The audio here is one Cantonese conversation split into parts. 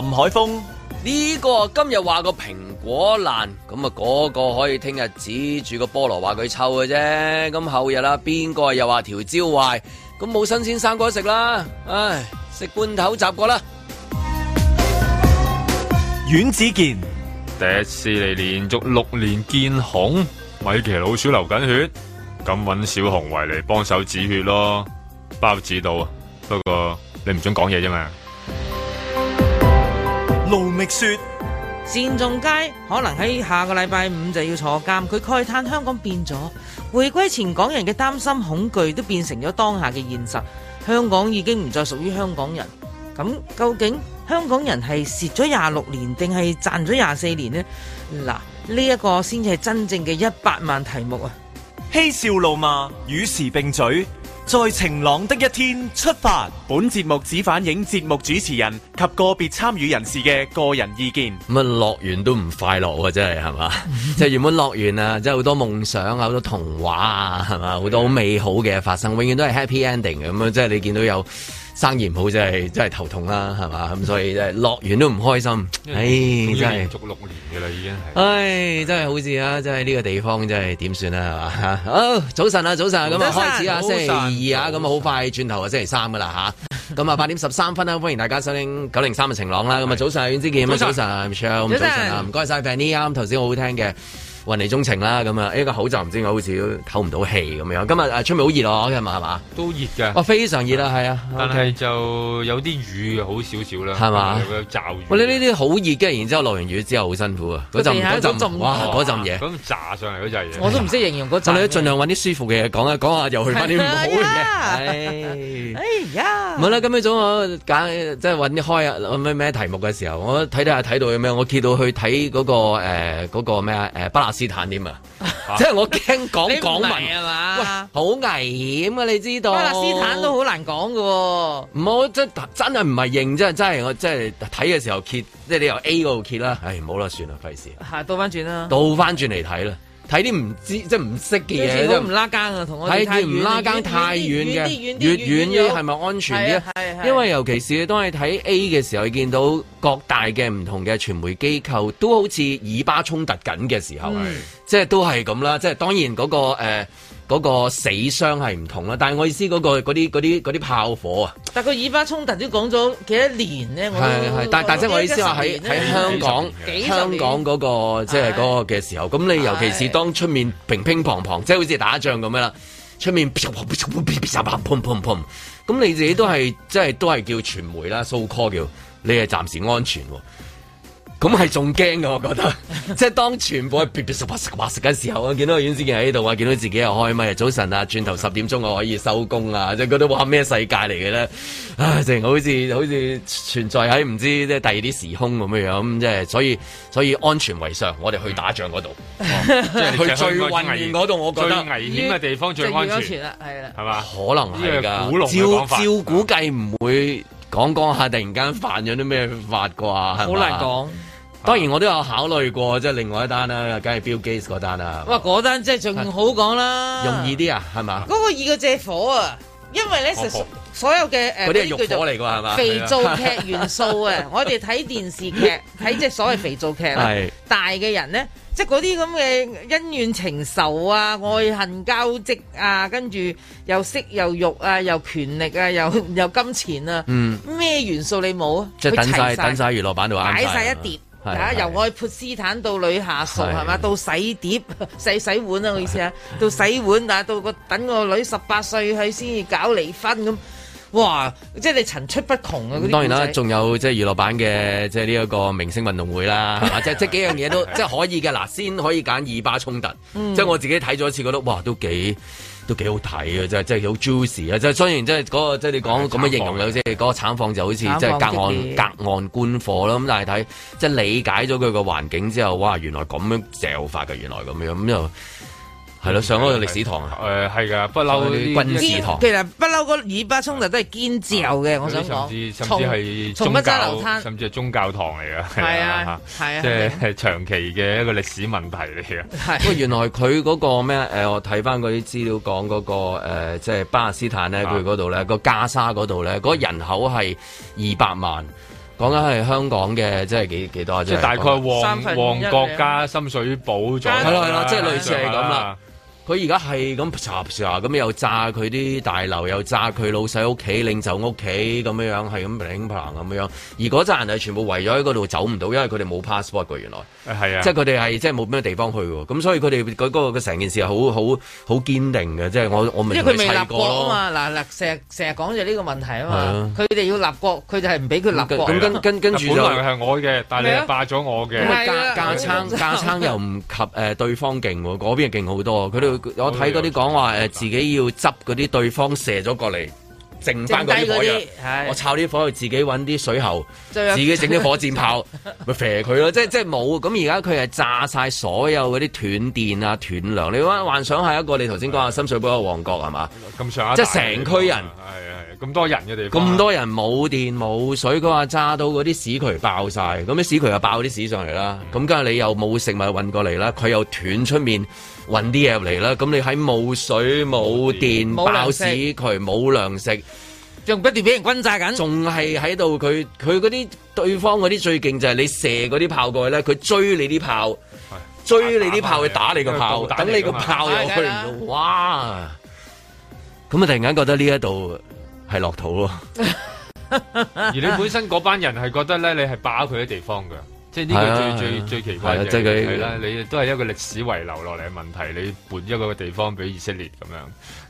林海峰呢、這個今日話個蘋果爛，咁啊個可以聽日指住個菠蘿話佢臭嘅啫，咁後日啦，邊個又話條蕉壞，咁冇新鮮生果食啦，唉，食罐頭雜果啦。阮子健，第一次嚟連續六年見紅，米奇老鼠流緊血，咁揾小熊維尼嚟幫手止血咯，包治到，不過你唔准講嘢啫嘛。路未說，單仲偕可能喺下個禮拜五就要坐監。佢慨嘆香港變咗，回歸前港人嘅擔心恐懼都變成咗當下嘅現實。香港已經唔再屬於香港人。咁究竟香港人係蝕咗廿六年，定係賺咗廿四年呢？嗱，呢、這、一個先至係真正嘅一百萬題目啊！嬉笑怒罵，與時並舉。在晴朗的一天出發，本節目只反映節目主持人及個別參與人士嘅個人意見。乜樂園都唔快樂啊！真係係嘛，即係 原本樂園啊，即係好多夢想啊，好多童話啊，係嘛，好多好美好嘅發生，永遠都係 happy ending 咁樣！即係你見到有。生意唔好真係真係頭痛啦，係嘛？咁所以真係樂園都唔開心。唉，真係足六年嘅啦，已經係。唉，真係好事啊！真係呢個地方真係點算啦，係嘛吓。好，早晨啊，早晨咁開始啊，星期二啊，咁啊，好快轉頭啊，星期三噶啦吓。咁啊，八點十三分啦，歡迎大家收聽九零三嘅晴朗啦。咁啊，早晨阮之健，咁早晨啊 Michelle，咁早晨啊，唔該晒 Benny，啱，頭先好好聽嘅。雲裏鍾情啦咁啊！呢個口罩唔知我好似透唔到氣咁樣。今日出面好熱咯，係嘛？係咪？都熱嘅。我非常熱啦，係啊！但係就有啲雨好少少啦，係嘛？有冇驟雨？我哋呢啲好熱嘅，然之後落完雨之後好辛苦啊！嗰陣嗰陣哇，嗰陣嘢咁炸上嚟嗰陣嘢，我都唔識形容嗰陣。我盡量揾啲舒服嘅嘢講啊，講下又去翻啲唔好嘅嘢。哎呀，唔係啦，咁樣總我揀即係揾啲開啊，咩咩題目嘅時候，我睇睇下睇到咩，我跳到去睇嗰個嗰個咩啊斯坦點啊？ 即係我驚講港文嘛？喂，好危險啊！你知道？斯坦都好難講噶，唔好真真係唔係認，真真係我真係睇嘅時候揭，即係你由 A 嗰度揭啦。唉，唔好啦，算啦，費事。吓，倒翻轉啦。倒翻轉嚟睇啦。睇啲唔知即係唔識嘅嘢睇唔拉更啊，同我睇是遠啲遠啲遠啲遠啲，遠啲係咪安全啲？因為尤其是當你睇 A 嘅時候，你見到各大嘅唔同嘅傳媒機構都好似以巴衝突緊嘅時候，即係是都係咁啦。即係當然嗰個呃嗰個死傷係唔同啦，但係我意思嗰啲啲啲炮火啊，但個以巴衝突都講咗幾多年咧，係係是，都但但即係我意思話喺喺香港香港嗰個即係嗰個嘅時候，咁的你尤其是當出面乒乒乓乓，即係的好似打仗咁樣啦，出面砰砰砰，咁的你自己都係即係都係叫傳媒啦，so call 叫你係暫時安全。咁係仲驚㗎。我覺得， 即係當全部係噼噼啪啪嘅時候啊，我見到袁子健喺度啊，見到自己又開咪啊，早晨啊，轉頭十點鐘我可以收工啊，就覺得哇咩世界嚟嘅咧，啊，淨好似好似存在喺唔知即係第二啲時空咁樣樣即係所以所以安全為上，我哋去打仗嗰度，即係去最危險嗰度，我覺得最危險嘅地方最安全啦，係啦，係嘛？可能係噶，照照估計唔會講講下突然間犯咗啲咩法啩，好 吧難講。當然我都有考慮過，即係另外一單啦，梗係 Bill Gates 嗰單啦。哇，嗰單即係仲好講啦，容易啲啊，係嘛？嗰個易過借火啊，因為咧，所有嘅誒啲肉火嚟㗎係嘛？肥皂劇元素啊，我哋睇電視劇睇即係所謂肥皂劇，大嘅人咧，即係嗰啲咁嘅恩怨情仇啊、愛恨交織啊，跟住又色又肉啊、又權力啊、又又金錢啊，嗯，咩元素你冇啊？即係等晒，曬抌曬喺娛樂版度，擺晒一碟。啊！由愛潑斯坦到女下屬，係嘛是？到洗碟、洗洗碗啊，我意思啊？是到洗碗啊？到個等個女十八歲去先搞離婚咁，哇！即係你層出不窮啊！嗯、當然啦，仲有即係、就是、娛樂版嘅，即係呢一個明星運動會啦，即即 幾樣嘢都即係、就是、可以嘅。嗱，先可以揀以巴衝突，嗯、即係我自己睇咗一次，覺得哇，都幾～都幾好睇啊，真係真係好 juicy 啊！即係雖然即係嗰個即係你講咁嘅形容有、就、啲、是，嗰個產況就好似即係隔岸隔岸觀火啦。咁、嗯、但係睇即係理解咗佢個環境之後，哇！原來咁樣嚟法嘅，原來咁樣咁又。係咯，上嗰個歷史堂啊！誒，係噶，不嬲嗰啲軍事堂。其實不嬲嗰以巴衝突都係堅照嘅，我想知，甚至甚至係宗教，甚至係宗教堂嚟噶。係啊，係啊，即係長期嘅一個歷史問題嚟嘅。不過原來佢嗰個咩？誒，我睇翻嗰啲資料講嗰個誒，即係巴勒斯坦咧，佢嗰度咧個加沙嗰度咧，嗰人口係二百萬。講緊係香港嘅，即係幾幾多啫？即係大概旺旺國家深水埗咗。係咯係咯，即係類似係咁啦。佢而家係咁撒撒咁又炸佢啲大樓，又炸佢老細屋企、領袖屋企咁樣樣，係咁頂棚咁樣樣。而嗰扎人係全部圍咗喺嗰度走唔到，因為佢哋冇 passport 原來。係啊的，即係佢哋係即係冇咩地方去喎。咁所以佢哋嗰個成、那個那個、件事係好好好堅定嘅。即係我我明。因為佢未立國啊嘛，嗱嗱成日成日講住呢個問題啊嘛。佢哋的要立國，佢就係唔俾佢立國嘅。咁的跟跟跟住就是、本來係我嘅，但係你霸咗我嘅。架架撐架撐又唔及誒對方勁喎，嗰 邊勁好多。佢哋。我睇嗰啲講話誒，自己要執嗰啲對方射咗過嚟，剩翻嗰啲火藥，我抄啲火去自己揾啲水喉，有自己整啲火箭炮，咪肥佢咯！即即冇咁，而家佢係炸晒所有嗰啲斷電啊、斷糧。你話幻想係一,一個你頭先講下深水埗嘅旺角係嘛？是即成區人。咁多人嘅咁多人冇電冇水，佢話揸到嗰啲屎渠爆晒，咁啲屎渠又爆啲屎上嚟啦。咁，梗係你又冇食物運過嚟啦？佢又斷出面運啲嘢入嚟啦。咁你喺冇水冇電爆屎渠冇糧食，仲不斷俾人轟炸緊，仲係喺度。佢佢嗰啲對方嗰啲最勁就係你射嗰啲炮過去咧，佢追你啲炮，追你啲炮去打，打你個炮，等你個炮又去唔到。哇！咁啊，突然間覺得呢一度。係落土咯。 而你本身嗰班人係覺得咧，你係霸佢嘅地方噶， 即係呢個最最最奇怪嘅係啦，你都係一個歷史遺留落嚟嘅問題，你換一個地方俾以色列咁樣。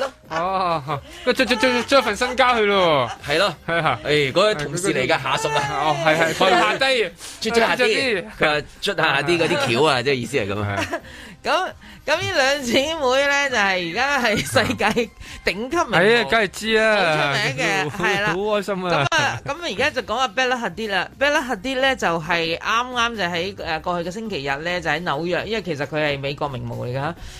哦，出出出出一份身家去咯，係咯，吓，誒，嗰啲同事嚟噶下屬啊，哦，係係，喺度下低，出下啲，佢話出下啲嗰啲橋啊，即係意思係咁啊，咁咁呢兩姊妹咧就係而家係世界頂級名，係啊，梗係知啦，好出名嘅，係啦，好開心啊，咁啊，咁而家就講阿 Bella Hadid 啦，Bella Hadid 咧就係啱啱就喺誒過去嘅星期日咧就喺紐約，因為其實佢係美國名模嚟噶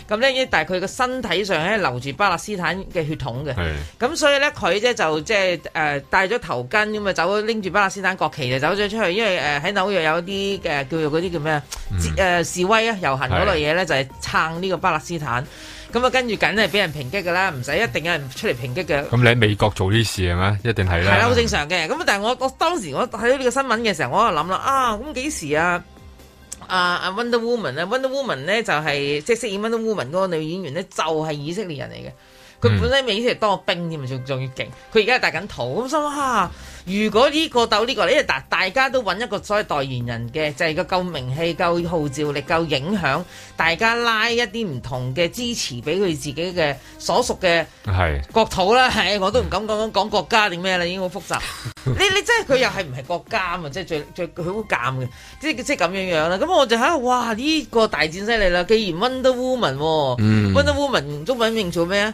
吓，咁咧一但係佢個身體上咧留住 Bella 巴勒斯坦嘅血統嘅，咁的、嗯、所以咧佢即係就即係誒戴咗頭巾咁啊走，拎住巴勒斯坦國旗就走咗出去。因為誒喺紐約有啲嘅、呃、叫做嗰啲叫咩啊？誒、嗯呃、示威啊遊行嗰類嘢咧，是的就係撐呢個巴勒斯坦。咁啊跟住梗係俾人抨擊噶啦，唔使一定有人出嚟抨擊嘅。咁你喺美國做啲事係咪？一定係啦。係啦，好正常嘅。咁但係我我，我當時我睇到呢個新聞嘅時候，我就諗啦啊，咁幾時啊？阿、啊、阿 Wonder Woman 咧，Wonder Woman 呢就係即係飾演 Wonder Woman 嗰個女演員呢，就係、是、以色列人嚟嘅。佢本身美斯係當個兵添，仲仲、嗯、要勁。佢而家係戴緊頭，咁心諗如果呢個鬥呢、這個呢個大大家都揾一個所謂代言人嘅，就係、是、個夠名氣夠號召力、夠影響大家拉一啲唔同嘅支持俾佢自己嘅所屬嘅國土啦。唉是，我都唔敢講講、嗯、國家定咩啦，已經好複雜。 你你真係佢又係唔係國家啊？即係最最佢好尷嘅，即係即係咁樣樣啦。咁我就喺度哇！呢、這個大戰犀利啦。既然 Wonder Woman，Wonder、哦嗯、Woman 中文名做咩啊？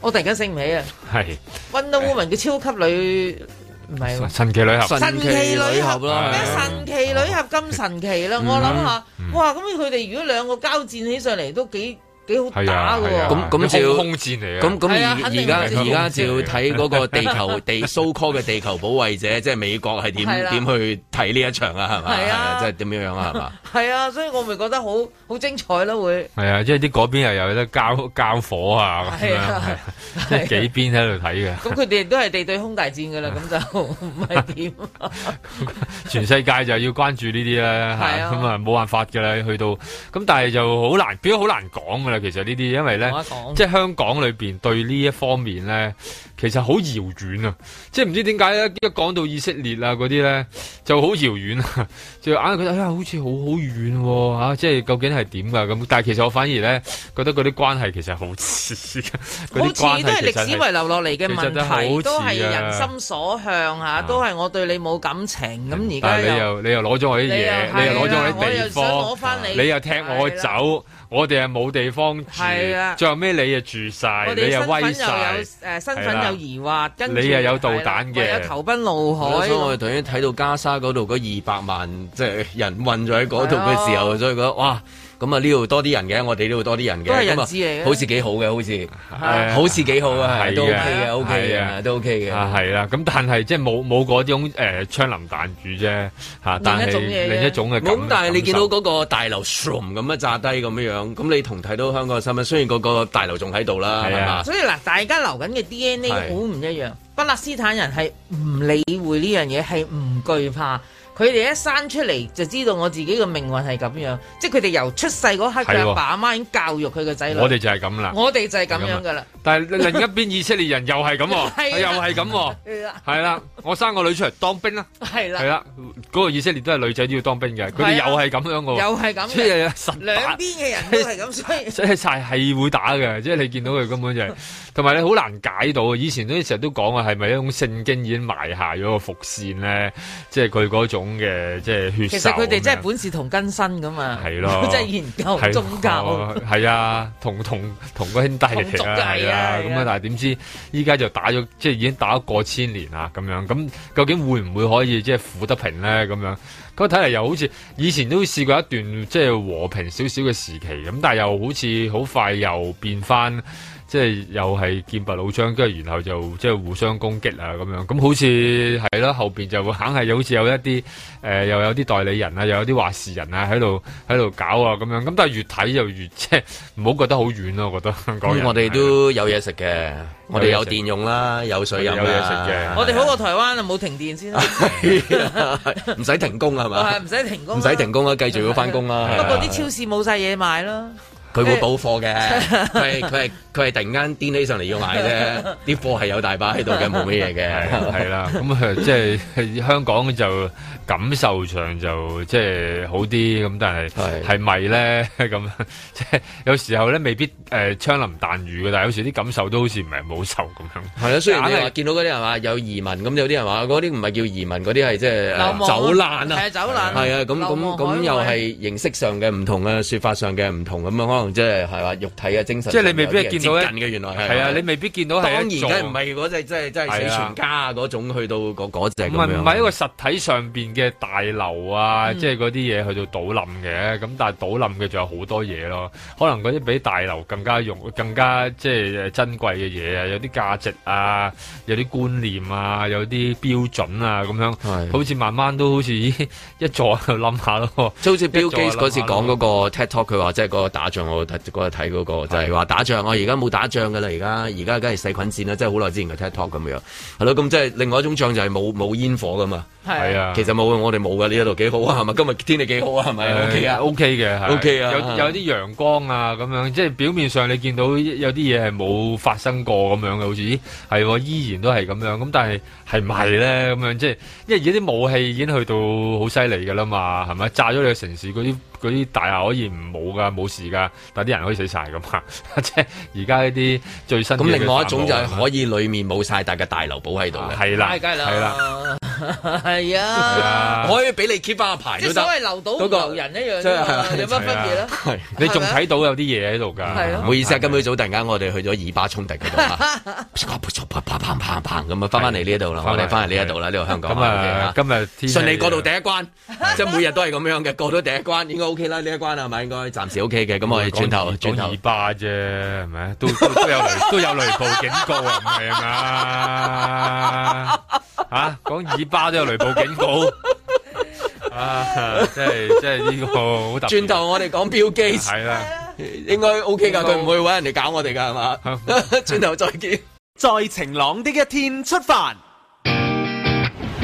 我突然間醒唔起啊，係是《Wonder Woman》叫超級女，唔係神奇女俠，神奇女俠咯，神奇女俠咁是神奇啦，神奇是我諗下，嗯嗯、哇，咁佢哋如果兩個交戰起上嚟都幾。幾好打啊！咁咁空戰嚟啊！咁咁而家而家就要睇嗰個地球地 so-called 嘅地球保衛者，即係美國係點點去睇呢一場啊？係嘛？係啊！即係點樣啊？係嘛？係啊！所以我咪覺得好好精彩咯，會係啊！即係啲嗰邊又有得交交火啊啊！即係幾邊喺度睇嘅？咁佢哋都係地對空大戰噶啦，咁就唔係點？全世界就要關注呢啲啦，嚇咁啊冇辦法㗎啦！去到咁，但係就好難，變咗好難講㗎。其實呢啲，因為咧，我一即係香港裏邊對呢一方面咧，其實好遙遠啊！即係唔知點解咧，一講到以色列啊嗰啲咧，就好遙遠啊！就硬係覺得、哎、好似好好遠啊！即係究竟係點噶？咁但係其實我反而咧，覺得嗰啲關係其實好似噶好似好似都係歷史遺留落嚟嘅問題，其實都係人心所向吓，啊、都係我對你冇感情，咁而家，你又你又攞咗我啲嘢，你又攞咗我啲又地方，啊、我又想攞翻你，你又踢我走。我哋係冇地方住，的最後尾你啊住晒，你又威晒，誒、呃、身份有疑惑，的跟住、就是、你又有導彈嘅，我有投奔怒海。所以我哋頭先睇到加沙嗰度嗰二百萬即係人混咗喺嗰度嘅時候，的所以覺得哇！咁啊呢度多啲人嘅，我哋呢度多啲人嘅，好似幾好嘅，好似，好似幾好啊，都 OK 嘅，OK 嘅，都 OK 嘅，係啦。咁但係即係冇冇嗰種誒槍林彈雨啫，嚇。另一種嘢，另一種嘅感。咁但係你見到嗰個大樓唰咁一炸低咁樣樣，咁你同睇到香港新聞，雖然嗰個大樓仲喺度啦，所以嗱，大家留緊嘅 DNA 好唔一樣。巴勒斯坦人係唔理會呢樣嘢，係唔懼怕。佢哋一生出嚟就知道我自己嘅命運係咁樣，即係佢哋由出世嗰刻佢阿爸阿媽已經教育佢個仔女。我哋就係咁啦，我哋就係咁樣噶啦。但係另一邊以色列人又係咁，又係咁，喎，係啦，係啦，我生個女出嚟當兵啦，係啦，係啦，嗰個以色列都係女仔都要當兵嘅，佢哋又係咁樣喎。又係咁，即係兩邊嘅人都係咁，所以，即係係會打嘅，即係你見到佢根本就係，同埋你好難解到。以前都成日都講話係咪一種聖經已經埋下咗個伏線咧？即係佢嗰種。嘅即係血，其實佢哋真係本事同根生㗎嘛，係咯，即係研究宗教，係啊咯， 同同同個兄弟嚟噶，係啊，咁啊，但係點知依家就打咗，即係已經打咗過千年喇，咁樣，咁究竟會唔會可以即係撫得平咧？咁樣，咁睇嚟又好似以前都試過一段即係和平少少嘅時期咁，但係又好似好快又變翻。即係又係劍拔弩張，跟住然後就即係互相攻擊啊咁樣，咁好似係啦，後邊就會硬係好似有一啲誒又有啲代理人啊，又有啲話事人啊喺度喺度搞啊咁樣，咁但係越睇就越即係唔好覺得好遠咯，我覺得。咁我哋都有嘢食嘅，我哋有電用啦，有水飲有嘢食嘅。我哋好過台灣啊，冇停電先啦，唔使停工啊係咪？係唔使停工。唔使停工啦，繼續要翻工啦。不過啲超市冇晒嘢買咯。佢會補貨嘅，佢係佢係佢係突然間癲起上嚟要買啫，啲貨係有大把喺度嘅，冇乜嘢嘅，係啦。咁啊，即係香港就感受上就即係好啲咁，但係係咪咧咁？即係有時候咧未必誒槍林彈雨嘅，但係有時啲感受都好似唔係冇愁咁樣。係啦，雖然你話見到嗰啲係嘛有移民咁，有啲人話嗰啲唔係叫移民嗰啲係即係走難啊，係走難，係啊咁咁咁又係形式上嘅唔同啊，説法上嘅唔同咁樣咯。即係係話肉體嘅精神，即係你未必見到近嘅原來係。係啊，你未必見到。當然，而家唔係嗰種即係即係死全家啊嗰種去到嗰嗰唔係唔係一個實體上邊嘅大樓啊，即係嗰啲嘢去到倒冧嘅。咁但係倒冧嘅仲有好多嘢咯。可能嗰啲比大樓更加用、更加即係珍貴嘅嘢啊，有啲價值啊，有啲觀念啊，有啲標準啊咁樣。係。好似慢慢都好似一座就冧下咯。即好似 Bill Gates 嗰次講嗰個 Tech Talk 佢話即係個打仗。我睇嗰、那個就係、是、話打仗，我而家冇打仗噶啦，而家而家梗係細菌戰啦，即係好耐之前嘅 TikTok 咁樣，係咯，咁即係另外一種仗就係冇冇煙火噶嘛，係啊，其實冇，我哋冇噶呢一度幾好，天天好是、okay、啊，係咪、okay 的？今日天氣幾好啊，係咪？OK 啊，OK 嘅，OK 啊，有有啲陽光啊，咁樣即係表面上你見到有啲嘢係冇發生過咁樣嘅，好似咦係、啊、依然都係咁樣，咁但係係唔係咧？咁樣即係因為而家啲武器已經去到好犀利噶啦嘛，係咪？炸咗你個城市嗰啲。那些嗰啲大廈可以唔冇㗎，冇事㗎，但啲人可以死晒㗎嘛。即係而家呢啲最新嘅咁另外一種就係可以裏面冇晒大嘅大樓堡喺度嘅。係啦、啊，係啦。係啊，我可以俾你 keep 翻個牌，即係留到留人一樣，即係有乜分別咧？你仲睇到有啲嘢喺度噶，唔好意思啊，今朝早突然間我哋去咗二巴衝突嗰度啪啪啪咁啊，翻翻嚟呢度啦，我哋翻嚟呢一度啦，呢度香港。今日順利過到第一關，即係每日都係咁樣嘅，過到第一關應該 OK 啦，呢一關係咪應該暫時 OK 嘅。咁我哋轉頭轉頭二巴啫，係咪？都都有都有雷暴警告啊，唔係嘛？啊講耳巴都有雷暴警告， 啊，即係即係呢個好 了。轉頭我哋講標機，係啦，該，應該 OK 噶，佢唔會搵人嚟搞我哋噶，係嘛。轉頭再見，在晴朗的一天出發，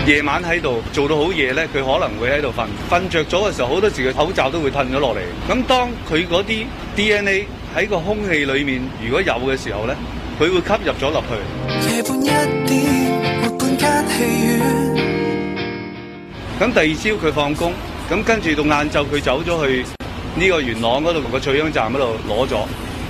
夜晚喺度做到好夜咧，佢可能會喺度瞓，瞓着咗嘅時候，好多時佢口罩都會褪咗落嚟。咁當佢嗰啲 DNA 喺個空氣裏面如果有嘅時候咧，佢會吸入咗入去。夜半一啲咁第二朝佢放工，咁跟住到晏晝佢走咗去呢個元朗嗰度同個取樣站嗰度攞咗，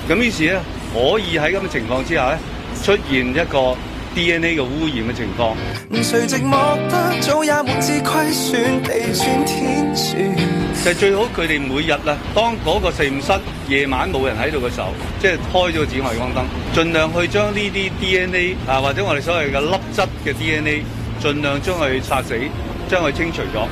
咁於是咧可以喺咁嘅情況之下咧出現一個 D N A 嘅污染嘅情況。誰寂寞得早，也沒知虧損，算地算天就最好佢哋每日啊，當嗰個實驗室夜晚冇人喺度嘅時候，即係開咗個紫外光燈，盡量去將呢啲 DNA 啊，或者我哋所謂嘅粒質嘅 DNA，盡量將佢殺死，將佢清除咗。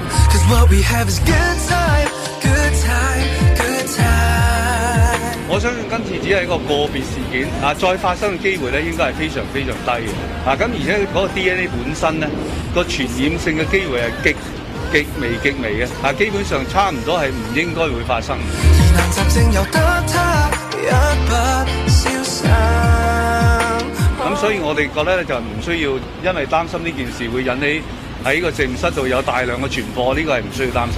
我相信今次只係一個個別事件啊，再發生嘅機會咧，應該係非常非常低嘅啊。咁而且嗰個 DNA 本身咧，個傳染性嘅機會係極。極微極微嘅。啊，基本上差唔多係唔應該會發生。咁所以我哋覺得就唔需要，因為擔心呢件事會引起喺個靜室度有大量嘅傳播，呢、這個係唔需要擔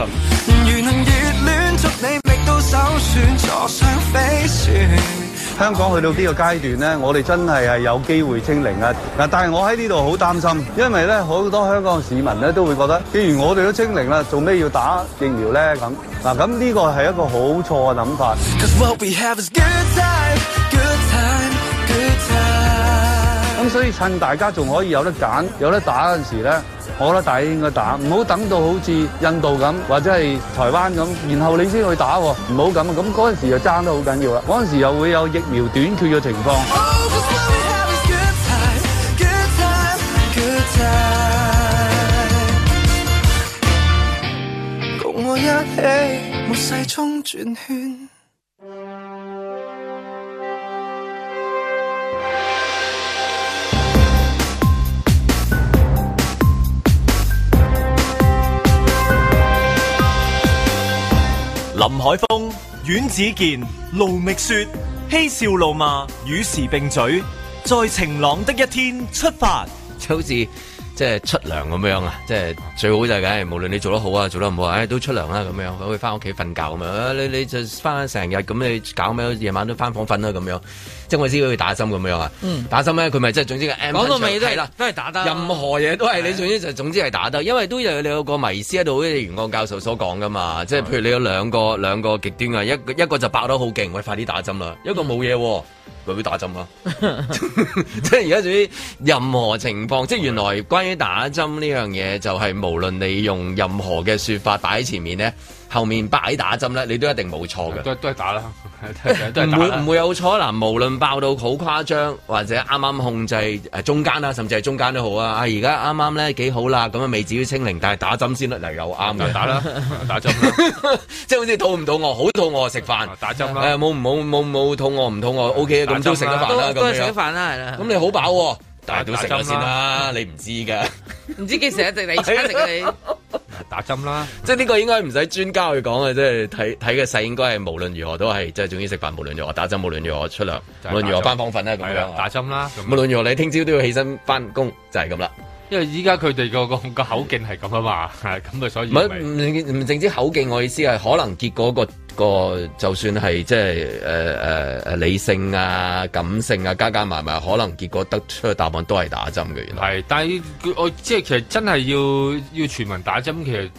心。香港去到呢個階段咧，我哋真係係有機會清零啊！嗱，但係我喺呢度好擔心，因為咧好多香港市民咧都會覺得，既然我哋都清零啦，做咩要打疫苗咧？咁嗱，咁呢個係一個好錯嘅諗法。咁所以趁大家仲可以有得揀、有得打嗰陣時咧。我覺得大應該打，唔好等到好似印度咁或者係台灣咁，然後你先去打喎，唔好咁啊！咁嗰陣時就爭得好緊要啦，嗰陣時又會有疫苗短缺嘅情況。Oh, 林海峰、阮子健、盧覓雪、嬉笑怒罵與時並舉，在晴朗的一天出發，就是。即係出糧咁樣啊！即係最好就係、是、咁，無論你做得好啊，做得唔好啊、哎，都出糧啦咁樣，可以翻屋企瞓覺咁樣、啊。你你就翻成日咁你搞咩夜晚都翻房瞓啦咁樣。即係我知佢打針咁樣啊，嗯、打針咧佢咪即係總之個 M 講到尾都係啦，都係打得任何嘢都係你的總之就總之係打得，因為都有你有個迷思喺度，好似袁剛教授所講噶嘛。即係譬如你有兩個兩、嗯、個極端啊，一一個就爆得好勁，喂快啲打針啦；一個冇嘢喎。嗯佢會打針啊！即係而家對於任何情況，即係原來關於打針呢樣嘢，就係、是、無論你用任何嘅説法打喺前面咧，後面擺打針咧，你都一定冇錯嘅，都都係打啦，都唔會唔會有錯啦。無論爆到好誇張，或者啱啱控制誒中間啦，甚至係中間都好啊。啊而家啱啱咧幾好啦，咁啊未至於清零，但係打針先得，嚟又啱嘅，打啦，打針。即係好似肚唔肚餓？好肚餓食飯，打針啦。誒冇唔好冇冇肚餓？唔肚餓，OK 咁都食得飯啦，咁樣。都食飯啦，係啦。咁你好飽，但係都食咗先啦。你唔知噶，唔知幾時一直你搶食啊你？打針啦，即係呢個應該唔使專家去講嘅。即係睇睇嘅勢應該係無論如何都係即係，總之食飯，無論如何打針，無論如何出糧，無論如何翻房瞓啦，打針啦，無論如何你聽朝都要起身翻工，就係咁啦。因為依家佢哋個個口徑係咁啊嘛，係咁啊，所以唔唔唔淨止口徑，我意思係可能結果個。個就算係即係誒誒誒理性啊、感性啊加加埋埋，可能結果得出嘅答案都係打針嘅，原來係，但係佢我即係其實真係要要全民打針，其實。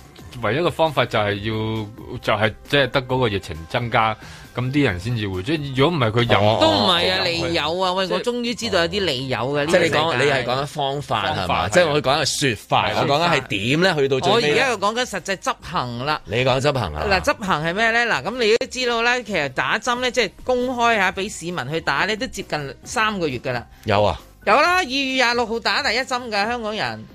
唯一嘅方法就係要，就係即係得嗰個疫情增加，咁啲人先至會。即如果唔係佢有，都唔係啊，你有啊，喂，我終於知道有啲理由嘅。即係你講，你係講緊方法係嘛？即係我講緊説法，我講緊係點咧？去到最後我而家又講緊實際執行啦。你講執行啊？嗱，執行係咩咧？嗱，咁你都知道咧，其實打針咧，即係公開下俾市民去打咧，都接近三個月噶啦。有啊，有啦，二月廿六號打第一針嘅香港人。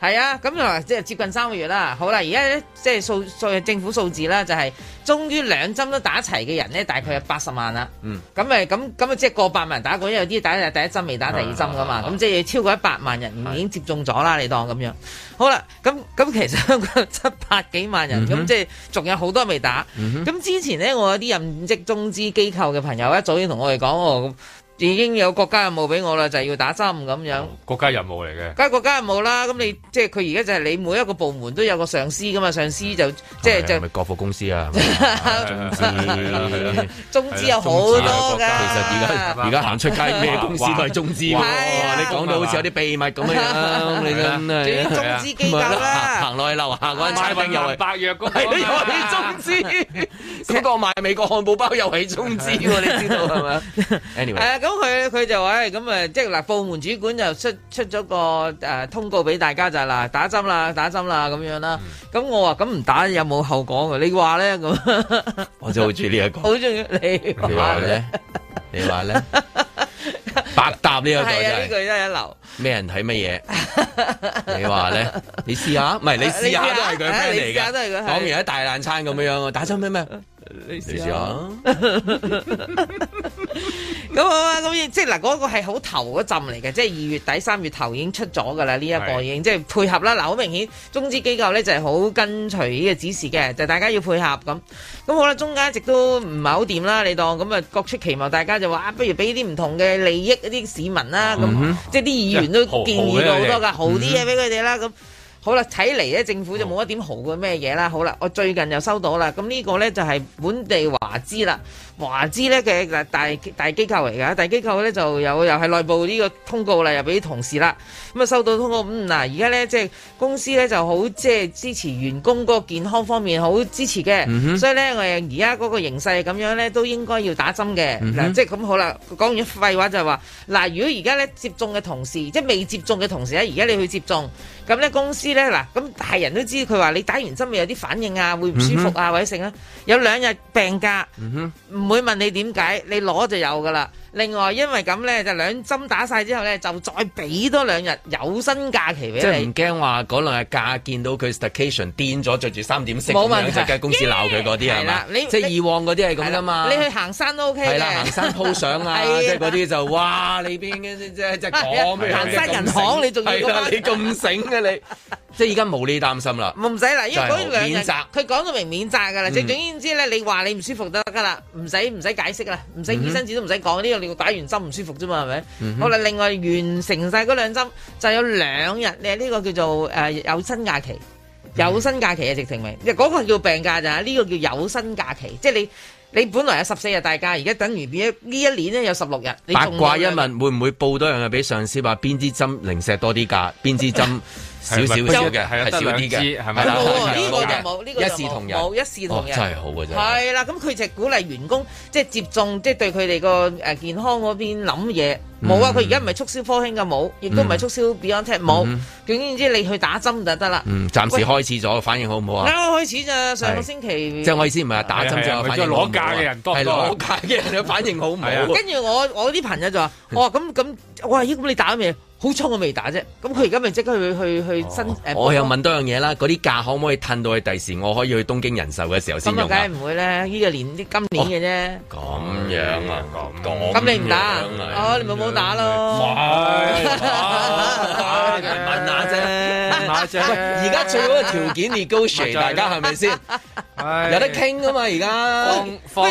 係啊，咁又話即係接近三個月啦。好啦，而家即係數數政府數字啦，就係、是、終於兩針都打齊嘅人咧，大概有八十萬啦。咁咪咁咁啊，即係過百萬人打過，因為有啲打第一針未打第二針噶嘛。咁、嗯、即係超過一百萬人已經接種咗啦，嗯、你當咁樣。好啦，咁咁其實香港七百幾萬人，咁、嗯、哼即係仲有好多人未打。咁、嗯、哼之前咧，我有啲任職中資機構嘅朋友一早已經同我哋講。哦已經有國家任務俾我啦，就係要打針咁樣。國家任務嚟嘅，梗係國家任務啦。咁你即係佢而家就係你每一個部門都有個上司噶嘛，上司就即係即係國貨公司啊，中資，中資有好多。其實而家而家行出街咩公司都係中資喎，你講到好似有啲秘密咁樣啦，你係。中資記得行落去樓下嗰間餐廳又係百藥又係中資，嗰個賣美國漢堡包又係中資喎，你知道係咪 Anyway 佢佢就話咁啊，即係嗱，部門主管就出出咗個誒、呃、通告俾大家就係、是、打針啦，打針啦咁樣啦。咁、嗯、我話咁唔打有冇後果啊？你話咧咁？我就好中意呢一個，好中意你。你話咧？你話咧？白搭呢一句就係呢句真一流。咩人睇乜嘢？你話咧？ 你試下嘗？唔係 你試下都係佢咩嚟嘅？講完一大爛餐咁樣樣，打針咩咩？你試下。咁啊，咁即係嗱，嗰個係好頭嗰陣嚟嘅，即係二、那個、月底三月頭已經出咗㗎啦。呢一,一個已經的即係配合啦。嗱，好明顯，中資機構咧就係、是、好跟隨呢個指示嘅，就是、大家要配合咁。咁好啦，中間一直都唔係好掂啦，你當咁啊，各出奇謀，大家就話啊，不如俾啲唔同嘅利益嗰啲市民啦。咁、嗯、哼即係啲議員都建議到好多㗎、嗯嗯，好啲嘢俾佢哋啦。咁好啦，睇嚟咧政府就冇一點豪、嗯、哼好過咩嘢啦。好啦，我最近又收到啦，咁呢個咧就係、是、本地華資啦。華資咧嘅大大機構嚟㗎，大機構咧就有又又係內部呢個通告啦，又俾啲同事啦。咁啊收到通告，嗯嗱，而家咧即係公司咧就好即係支持員工嗰個健康方面，好支持嘅。嗯、哼所以咧，我哋而家嗰個形勢咁樣咧，都應該要打針嘅。嗱、嗯哼，即係咁好啦。講完廢話就係話，嗱，如果而家咧接種嘅同事，即係未接種嘅同事咧，而家你去接種，咁咧公司咧嗱，咁大人都知佢話你打完針咪有啲反應啊，會唔舒服啊，嗯、哼或者成啊，有兩日病假。嗯哼唔會問你為什麼，你點解，你攞就有噶啦。另外，因為咁咧，就兩針打晒之後咧，就再俾多兩日有薪假期俾你。即係唔驚話嗰兩日假見到佢 staycation 癲咗，着住三點式咁樣，即係公司鬧佢嗰啲係嘛？即係以往嗰啲係咁啊嘛。你去行山都 OK 嘅。係啦，行山 po 相啊，即係嗰啲就哇，你邊嘅即係即行山人行，你仲要咁？你咁醒嘅？你？即係而家冇呢啲擔心啦，唔使啦，因為嗰兩日佢講到明免責噶啦。即總言之咧，你話你唔舒服得噶啦，唔使唔使解釋啦，唔使醫生紙都唔使講呢個。你打完針唔舒服啫嘛，係咪？我哋另外完成晒嗰兩針，就有兩日，你呢個叫做誒有薪假期，有薪假期啊，鄭成明，嗰個叫病假咋，呢個叫有薪假期，即係你你本來有十四日大假，而家等於呢呢一年咧有十六日。八卦一問，會唔會報多樣嘢？俾上司話邊支針零舍多啲假，邊支針？少少少嘅，係少啲嘅，係咪？呢個就冇，呢個就冇一視同仁。哦，真係好嘅，真係。係啦，咁佢就鼓勵員工即係接種，即係對佢哋個誒健康嗰邊諗嘢。冇啊，佢而家唔係促銷科興嘅冇，亦都唔係促銷 BioNTech 冇。總言之，你去打針就得啦。嗯，暫時開始咗，反應好唔好啊？啱啱開始咋，上個星期。即係我意思唔係打針就有反應。即係攞價嘅人多，攞價嘅人反應好唔好？跟住我我啲朋友就話：我話咁咁，我話咦咁你打咩？好彩我未打啫，咁佢而家咪即刻去去去新、哦，我又問多樣嘢啦，嗰啲價可唔可以褪到去第時，我可以去東京人壽嘅時候先咁啊？梗係唔會咧，呢個年啲今年嘅啫。咁、哦、樣啊，咁咁你唔打啊？哦、啊，你咪冇打咯。唔係，唔打啫。 下而家最好嘅條件 negotiate，大家係咪先？有得傾啊嘛，而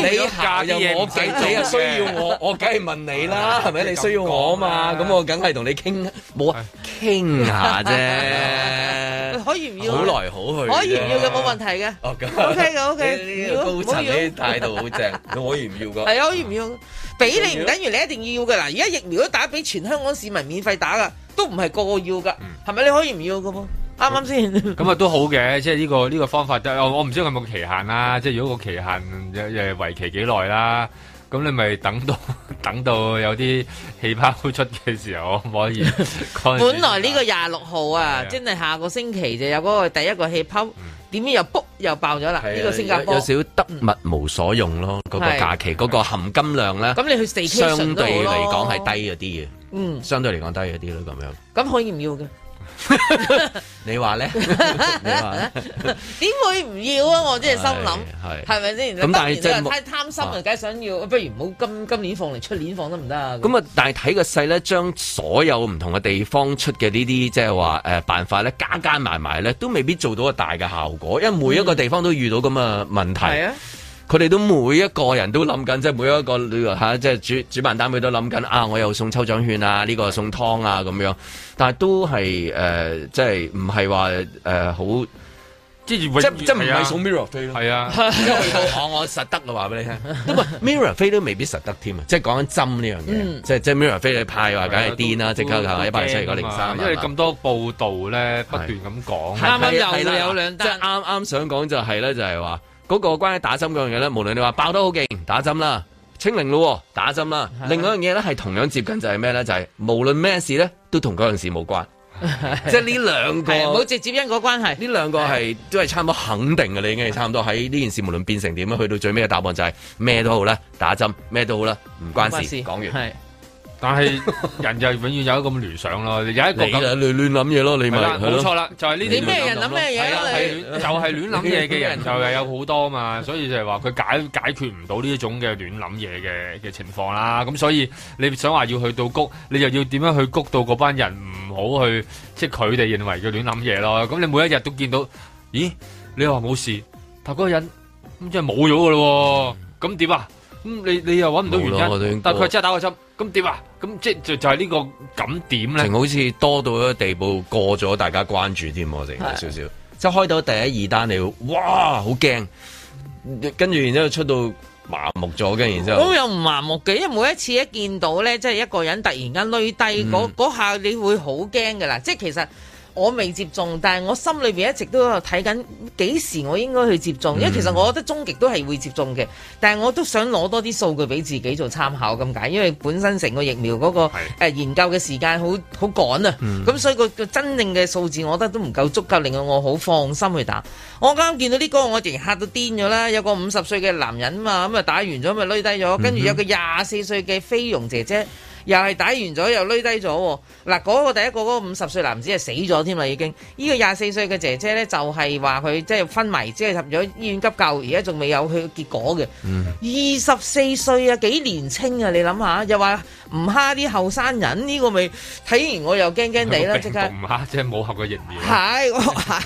家你下又我，你又需要我，我梗係問你啦，係咪？你需要我啊嘛，咁我梗係同你傾，冇啊，傾下啫。可以唔要？好來好去，可以唔要嘅冇問題嘅。OK 嘅 OK，高層啲態度好正，你可以唔要嘅。係啊，可以唔要。俾你唔等於你一定要㗎啦，而家疫苗都打俾全香港市民免費打噶，都唔係個個要噶，係咪、嗯、你可以唔要㗎？喎、嗯，啱唔啱先？咁啊那 都好嘅，即係、呢、呢個呢、呢個方法，我我唔知佢有冇期限啦，即係如果個期限誒為期幾耐啦？咁你咪等到等到有啲氣泡出嘅時候，可以。本來呢個廿六號啊，真係下個星期就有嗰個第一個氣泡，點知又卜又爆咗啦！呢個新加坡有少得物無所用咯，嗰個假期嗰個含金量咧，咁你去 staycation 相對嚟講係低咗啲嘅，嗯，相對嚟講低咗啲咯，咁樣。咁可以唔要嘅？你話咧？點會唔要啊？我真係心諗，係咪先？咁但係真係太貪心，又梗係想要，不如唔好今今年放嚟，出年放得唔得啊？咁啊，但係睇個勢咧，將所有唔同嘅地方出嘅呢啲即係話誒辦法咧，加加埋埋咧，都未必做到個大嘅效果，因為每一個地方都遇到咁嘅問題。係、嗯、啊。佢哋都每一個人都諗緊，即係每一個旅遊客,即係主主辦單位都諗緊啊！我又送抽獎券啊，呢個送湯啊咁樣。但係都係誒，即係唔係話誒好，即係即即唔係送 mirror 飛咯。係啊，去到我我實得嘅話俾你聽。不過 mirror 飛都未必實得添啊！即係講緊針呢樣嘢，即係即係 mirror 飛你派話梗係癲啦！即刻啊，一百二七九零三因為啊！咁多報道咧，不斷咁講，啱啱又有兩單，啱啱想講就係咧，就係話。嗰個關於打針嗰樣嘢咧，無論你話爆得好勁打針啦，清零咯打針啦，的另外一樣嘢咧係同樣接近就係咩咧？就係、是、無論咩事咧，都同嗰樣事冇關，的即係呢兩個冇直接因果關係。呢兩個係都係差唔多肯定嘅，你已經係差唔多喺呢件事，無論變成點樣去到最尾嘅答案就係、是、咩都好啦，打針咩都好啦，唔關事。關講完。但係人就永遠有一個咁聯想咯，有一個咁亂亂諗嘢咯，你咪係啦，冇錯啦，就係呢啲你咩人諗咩嘢，就係亂諗嘢嘅人就係有好多嘛，所以就係話佢解解決唔到呢一種嘅亂諗嘢嘅嘅情況啦。咁所以你想話要去到谷，你又要點樣去谷到嗰班人唔好去，即係佢哋認為嘅亂諗嘢咯。咁你每一日都見到，咦？你又話冇事，但嗰個人咁即係冇咗噶咯，咁點啊？咁你你又揾唔到原因，但係佢真係打個針，咁點啊？咁即係就就係呢個咁點咧？好似多到一個地步，過咗大家關注添，我哋少少，即係開到第一二單你，哇，好驚！跟住然之後出到麻木咗，跟住然之後咁又唔麻木嘅，因為每一次一見到咧，即係一個人突然間累低嗰嗰下，你會好驚噶啦，即係其實。我未接種，但係我心裏面一直都喺度睇緊幾時我應該去接種，因為其實我覺得終極都係會接種嘅，但係我都想攞多啲數據俾自己做參考咁解，因為本身成個疫苗嗰、那個是、呃、研究嘅時間好好趕啊，咁、嗯、所以個真正嘅數字，我覺得都唔夠足夠令到我好放心去打。我啱啱見到呢、這個，我突然嚇到癲咗啦！有個五十歲嘅男人啊嘛，咁啊打完咗咪冧低咗，跟住有個廿四歲嘅菲傭姐姐。又係打完咗又攰低咗喎，嗱，嗰個第一個嗰個五十歲男子係死咗添啦已經，呢個廿四歲嘅姐姐咧就係話佢即係昏迷，即係入咗醫院急救，而家仲未有佢結果嘅。嗯，二十四歲啊，幾年青啊你諗下，又話唔蝦啲後生人，呢個咪睇完我又驚驚地啦，即刻唔蝦即係冇合個形狀。係，係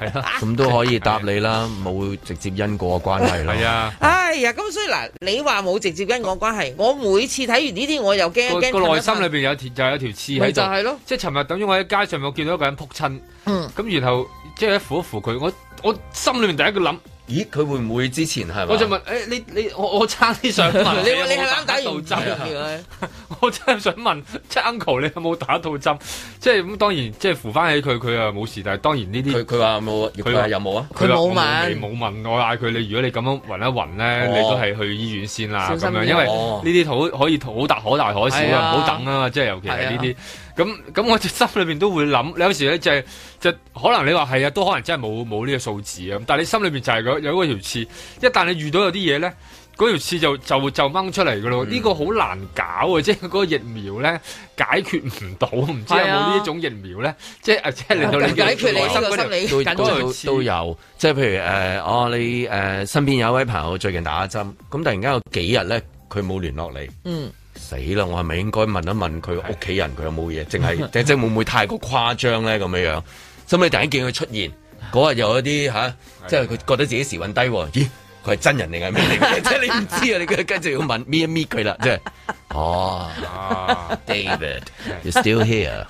係啦，咁都可以答你啦，冇直接因果嘅關係啦。係啊，哎呀咁所以嗱，你話冇直接因果關係，我每次睇完呢啲我又驚。個個內心裏邊有條，就有條刺喺度，就係就係咯。即係尋日，等於我喺街上面見到一個人仆親，咁、嗯、然後即係一扶一扶佢，我我心裏面第一個諗。咦，佢會唔會之前係？我就問，誒你你我我差啲想問，你你係啱打到針？我真係想問，即 Uncle，你有冇打到針？即係咁當然，即係扶翻起佢，佢又冇事。但係當然呢啲，佢佢話冇，佢話有冇啊？佢冇問，冇問我嗌佢，你如果你咁樣暈一暈咧，你都係去醫院先啦。咁樣，因為呢啲好可以好大可大可小嘅，唔好等啊嘛！即係尤其係呢啲。咁咁，我心裏邊都會諗，你有時咧就係、就係、可能你話係啊，都可能真係冇冇呢個數字啊。但係你心裏邊就係有嗰條刺，一旦你遇到有啲嘢咧，嗰條刺就就就掹出嚟㗎咯。呢、嗯、個好難搞啊，即係嗰個疫苗咧解決唔到，唔是、啊、知有冇呢一種疫苗咧，即係即係令到你解，解決你針針你心都都有 都有，即係譬如誒，我、呃、你、呃、身邊有一位朋友最近打針，咁突然間有幾日咧佢冇聯絡你，嗯。死啦！我係咪應該問一問佢屋企人佢的有冇嘢？淨係正正會唔會太過誇張咧？咁樣樣，咁你突然見佢出現嗰日有一啲、嚇、的即係佢覺得自己時運低咦？佢係真人定係咩嚟嘅？即係 你唔知啊！你跟住要問，搣一搣佢啦，即係。哦，David，you're still here？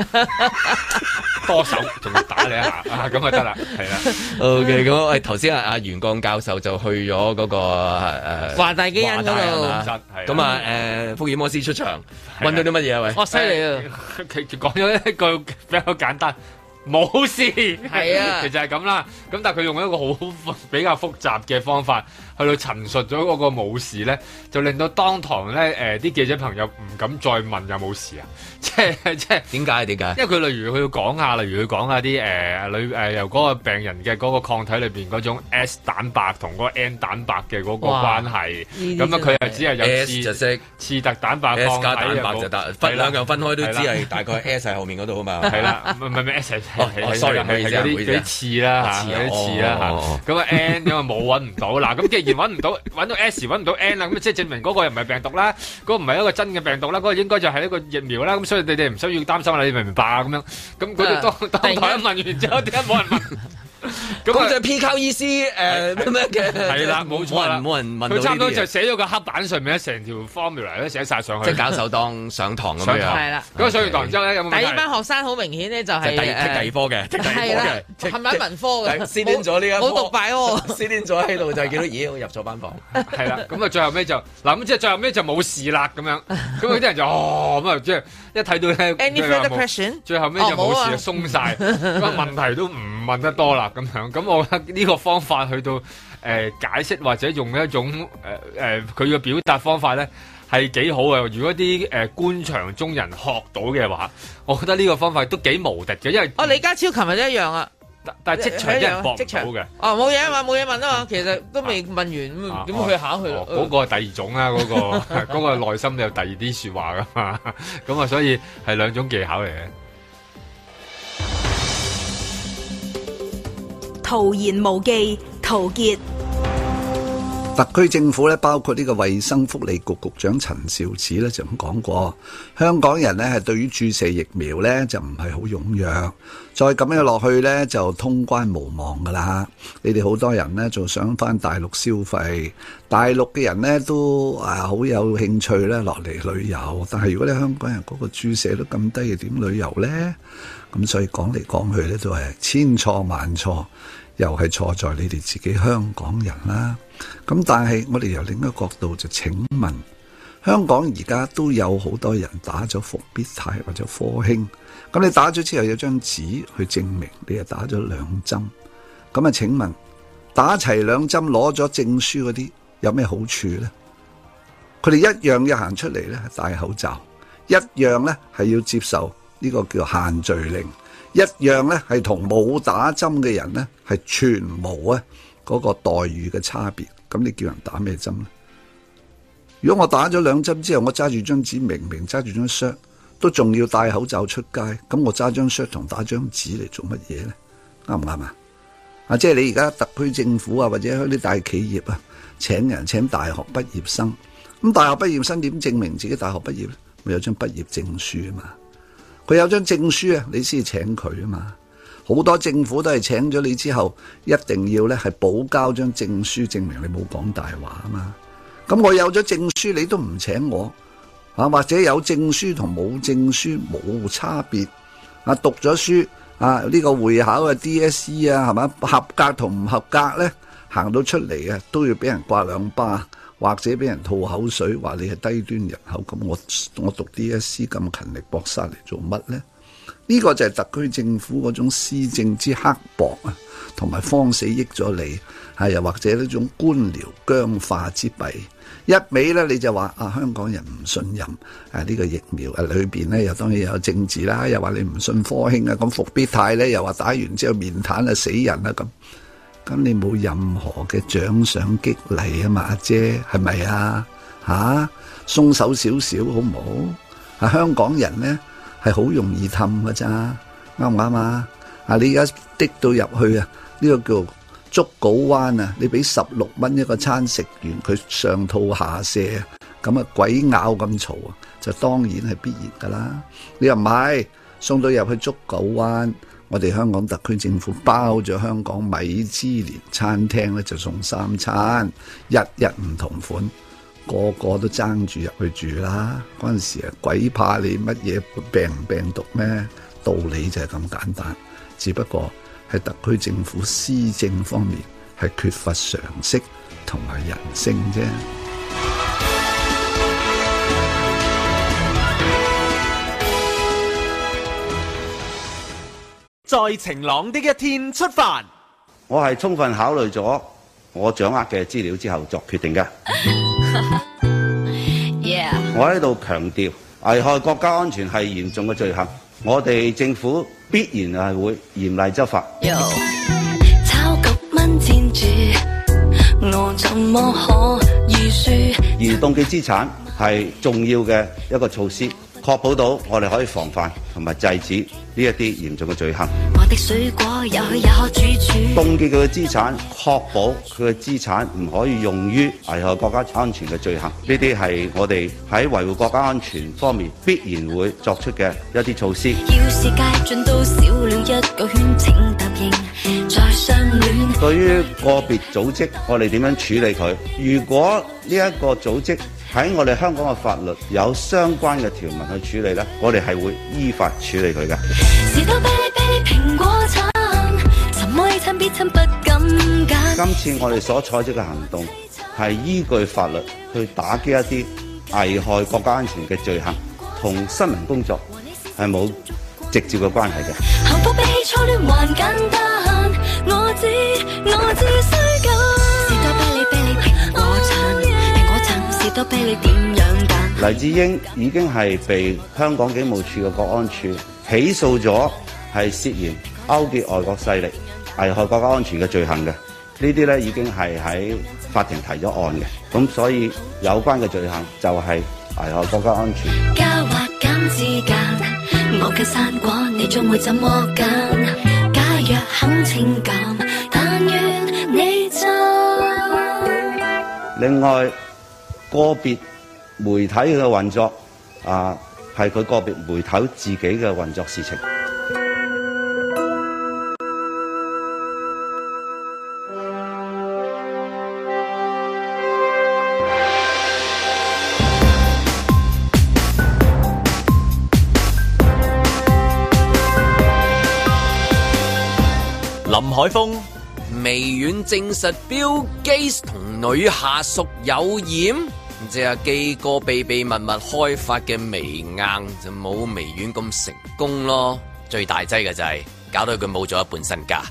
多手仲要打你一下咁、啊、就得啦，係啦。OK，咁喂，頭先阿阿袁剛教授就去咗嗰、那個、啊、華大基因嗰度，咁啊誒、啊，福爾摩斯出場，揾的到啲乜嘢喂，我犀利啊！講咗、哎、一句比較簡單。冇事，係是啊，其實係咁啦，咁但係佢用咗一個好比較複雜嘅方法。去到陳述咗嗰個冇事呢，就令到當堂呢啲記者朋友唔敢再問有冇事呀。即係即係點解啊？點解？因為佢例如佢要講下，例如佢講下啲由嗰個病人嘅嗰個抗體裏面嗰種 S 蛋白同個 N 蛋白嘅嗰個關係，咁佢又只係有 S 就識刺突蛋白，加蛋白就得，分兩樣分開都只係大概 S 喺後面嗰度啊嘛，係啦，唔係咩？哦，sorry，係有啲刺啦嚇，有啲刺啦嚇，N 咁啊冇揾唔到啦，咁即係。揾唔到揾到 S 揾唔到 N 啦，咁即係證明嗰個又唔係病毒啦，嗰、嗰個唔係一個真嘅病毒啦，嗰、嗰個應該就係一個疫苗啦，咁所以你哋唔需要擔心啦，你明唔明白，那個，啊？咁樣，咁佢哋當台問完之後，點解冇人問？ 咁就 PQEC 誒咩嘅係啦，冇錯啦，冇人問到呢啲嘢。佢差唔多就寫咗個黑板上面咧，成條 formula 咧寫晒上去。即係搞手當上堂咁樣。係啦，咁啊上完堂之後咧咁。但係呢班學生好明顯咧就係誒，科、嘅，係咪文科嘅？撕連咗呢一科。好獨白，撕連咗喺度就係見到已經入咗班房。係啦，咁啊最後尾就嗱咁即係最後尾就冇事啦咁樣。咁啊啲人就哦咁啊即係一睇到 Any further question？最後尾就冇事，鬆晒，問題都唔問得多啦。咁樣，咁我覺得呢個方法去到誒、呃、解釋或者用一種誒誒佢嘅表達方法，咧，係幾好嘅。如果啲誒、呃、官場中人學到嘅話，我覺得呢個方法都幾無敵嘅。因為哦，李家超琴日都一樣啊，但係職場一樣人搏唔到嘅。啊，冇嘢，啊嘛，冇嘢問啊嘛，其實都未問完，點、啊、去考佢？嗰個係第二種啦、啊，嗰 個嗰個內心有第二啲說話噶嘛，咁啊， 所以係兩種技巧嚟嘅。陶言無忌，陶傑。特區政府咧，包括呢個衛生福利局局長陳肇始咧，就咁講過：香港人咧係對於注射疫苗咧就唔係好踴躍。再咁樣落去咧，就通關無望噶啦。你哋好多人咧，就想翻大陸消費，大陸嘅人咧都啊好有興趣咧落嚟旅遊。但係如果你香港人嗰個注射都咁低，又點旅遊咧？咁所以講嚟講去咧，都係千錯萬錯。又係錯在你哋自己香港人啦，咁但係我哋由另一個角度就請問，香港而家都有好多人打咗復必泰或者科興，咁你打咗之後有張紙去證明你係打咗兩針，咁啊請問打齊兩針攞咗證書嗰啲有咩好處呢？佢哋一樣要行出嚟咧戴口罩，一樣咧係要接受呢個叫限聚令。一樣咧，係同冇打針嘅人呢，係全無啊嗰個待遇嘅差別。咁你叫人打咩針呢？如果我打咗兩針之後，我揸住張紙，明明揸住張 shot，都仲要戴口罩出街，咁我揸張 shot 同打張紙嚟做乜嘢呢？啱唔啱啊？啊，即係你而家特區政府啊，或者嗰啲大企業啊，請人請大學畢業生，咁大學畢業生點證明自己大學畢業呢？咪有張畢業證書啊嘛？佢有張證書啊，你先請佢啊嘛。好多政府都係請咗你之後，一定要咧係補交張證書證明你冇講大話啊嘛。咁我有咗證書，你都唔請我啊？或者有證書同冇證書冇差別啊？讀咗書啊，呢個會考嘅 DSE 啊，係咪合格同唔合格咧，行到出嚟啊都要俾人刮兩巴。或者俾人吐口水，話你係低端人口，咁我我讀 D.S.C. 咁勤力搏殺嚟做乜咧？呢、這個就係特區政府嗰種施政之刻薄啊，同埋方死益咗你啊！又或者呢種官僚僵化之弊，一味咧你就話啊，香港人唔信任誒呢、啊這個疫苗誒，裏邊咧又當然有政治啦，又話你唔信科興啊，咁伏必泰咧又話打完之後面癱啊死人啊咁。咁你冇任何嘅獎賞激勵啊嘛，阿姐係咪啊？嚇、啊、鬆手少少好唔好？啊，香港人咧係好容易氹噶咋，啱唔啱啊？啊，你而家滴到入去啊，呢、呢個叫竹篙灣啊，你俾十六蚊一個餐食完，佢上吐下瀉，咁啊鬼咬咁嘈啊，就當然係必然噶啦。你又唔係送到入去竹篙灣？我哋香港特區政府包咗香港米芝蓮餐廳咧，就送三餐，日日唔同款，個個都爭住入去住啦。嗰陣時啊，鬼怕你乜嘢病病毒咩？道理就係咁簡單，只不過喺特區政府施政方面係缺乏常識同埋人性啫。在晴朗的一天出發，我係充分考慮咗我掌握嘅資料之後作決定嘅。我喺度強調危害國家安全係嚴重嘅罪行，我哋政府必然係會嚴厲執法。有而凍結資產係重要嘅一個措施。確保到我哋可以防範同埋制止呢一啲嚴重嘅罪行，凍結佢嘅資產，確保佢嘅資產唔可以用於危害國家安全嘅罪行。呢啲係我哋喺維護國家安全方面必然會作出嘅一啲措施。對於個別組織，我哋點樣處理佢？如果呢一個組織喺我哋香港嘅法律有相關嘅條文去處理咧，我哋係會依法處理佢嘅。今次我哋所採取嘅行動，係依據法律去打擊一啲危害國家安全嘅罪行，同新聞工作係冇直接嘅關係嘅。都俾你點樣揀。黎智英已經係被香港警務處嘅國安處起訴咗，係涉嫌勾結外國勢力、危害國家安全嘅罪行嘅。呢啲咧已經係喺法庭提咗案嘅。咁所以有關嘅罪行就係危害國家安全。加或減之間，我嘅生果你將會怎麼揀？假若肯情減，但願你真。另外。個別媒體嘅運作，啊，係佢個別媒體自己嘅運作事情。林海峰，微軟證實 Bill Gates 同女下屬有染。唔知阿基哥秘秘密密開發嘅微硬就冇微軟咁成功咯，最大劑嘅就係搞到佢冇咗一半身家。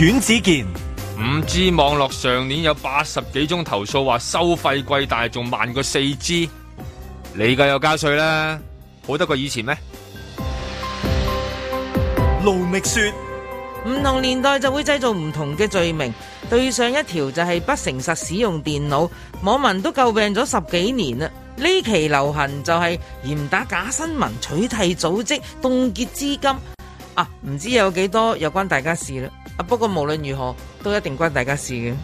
阮子健，五 G 網絡上年有八十幾宗投訴話收費貴，但係仲慢過四 G，你家有加稅啦，好得過以前咩？盧覓雪，唔同年代就會製造唔同嘅罪名。對上一條就係不誠實使用電腦，網民都詬病咗十幾年啦。呢期流行就係嚴打假新聞、取締組織、凍結資金。啊，唔知有幾多有關大家事啦。啊，不過無論如何都一定關大家事嘅。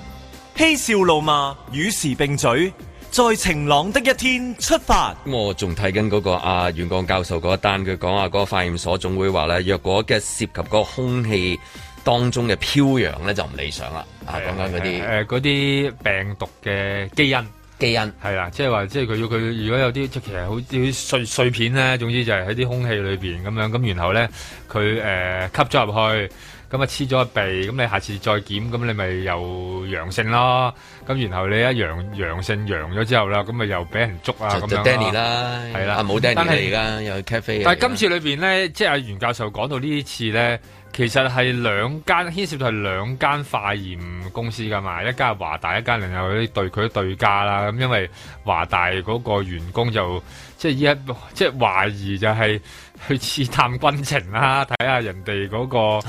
嬉笑怒罵與時並進，在晴朗的一天出發。我仲睇緊嗰個啊，袁江教授嗰一單，佢講啊，嗰個化驗所總會話呢，若果嘅涉及個空氣。當中嘅漂揚咧就唔理想啦，啊，講緊嗰啲，誒啲病毒嘅基因，基因係啦，即係話即係佢要佢如果有啲，其實好似碎碎片咧，總之就係喺啲空氣裏邊咁樣，咁然後咧佢誒吸咗入去，咁啊黐咗個鼻，咁你下次再檢，咁你咪又陽性咯，咁然後你一陽陽性陽咗之後了啦，咁咪又俾人捉啊咁樣啦，係啦的，冇 Danny 啦，而家又 cafe，但係是 ca 今次裏邊咧，的即係阿袁教授講到這次呢次咧。嗯其實係兩間牽涉就係兩間化驗公司㗎嘛，一間係華大，一間另外啲對佢對家啦。咁因為華大嗰個員工就即係依一即係懷疑就係、是。去刺探軍情啦，睇下人哋嗰個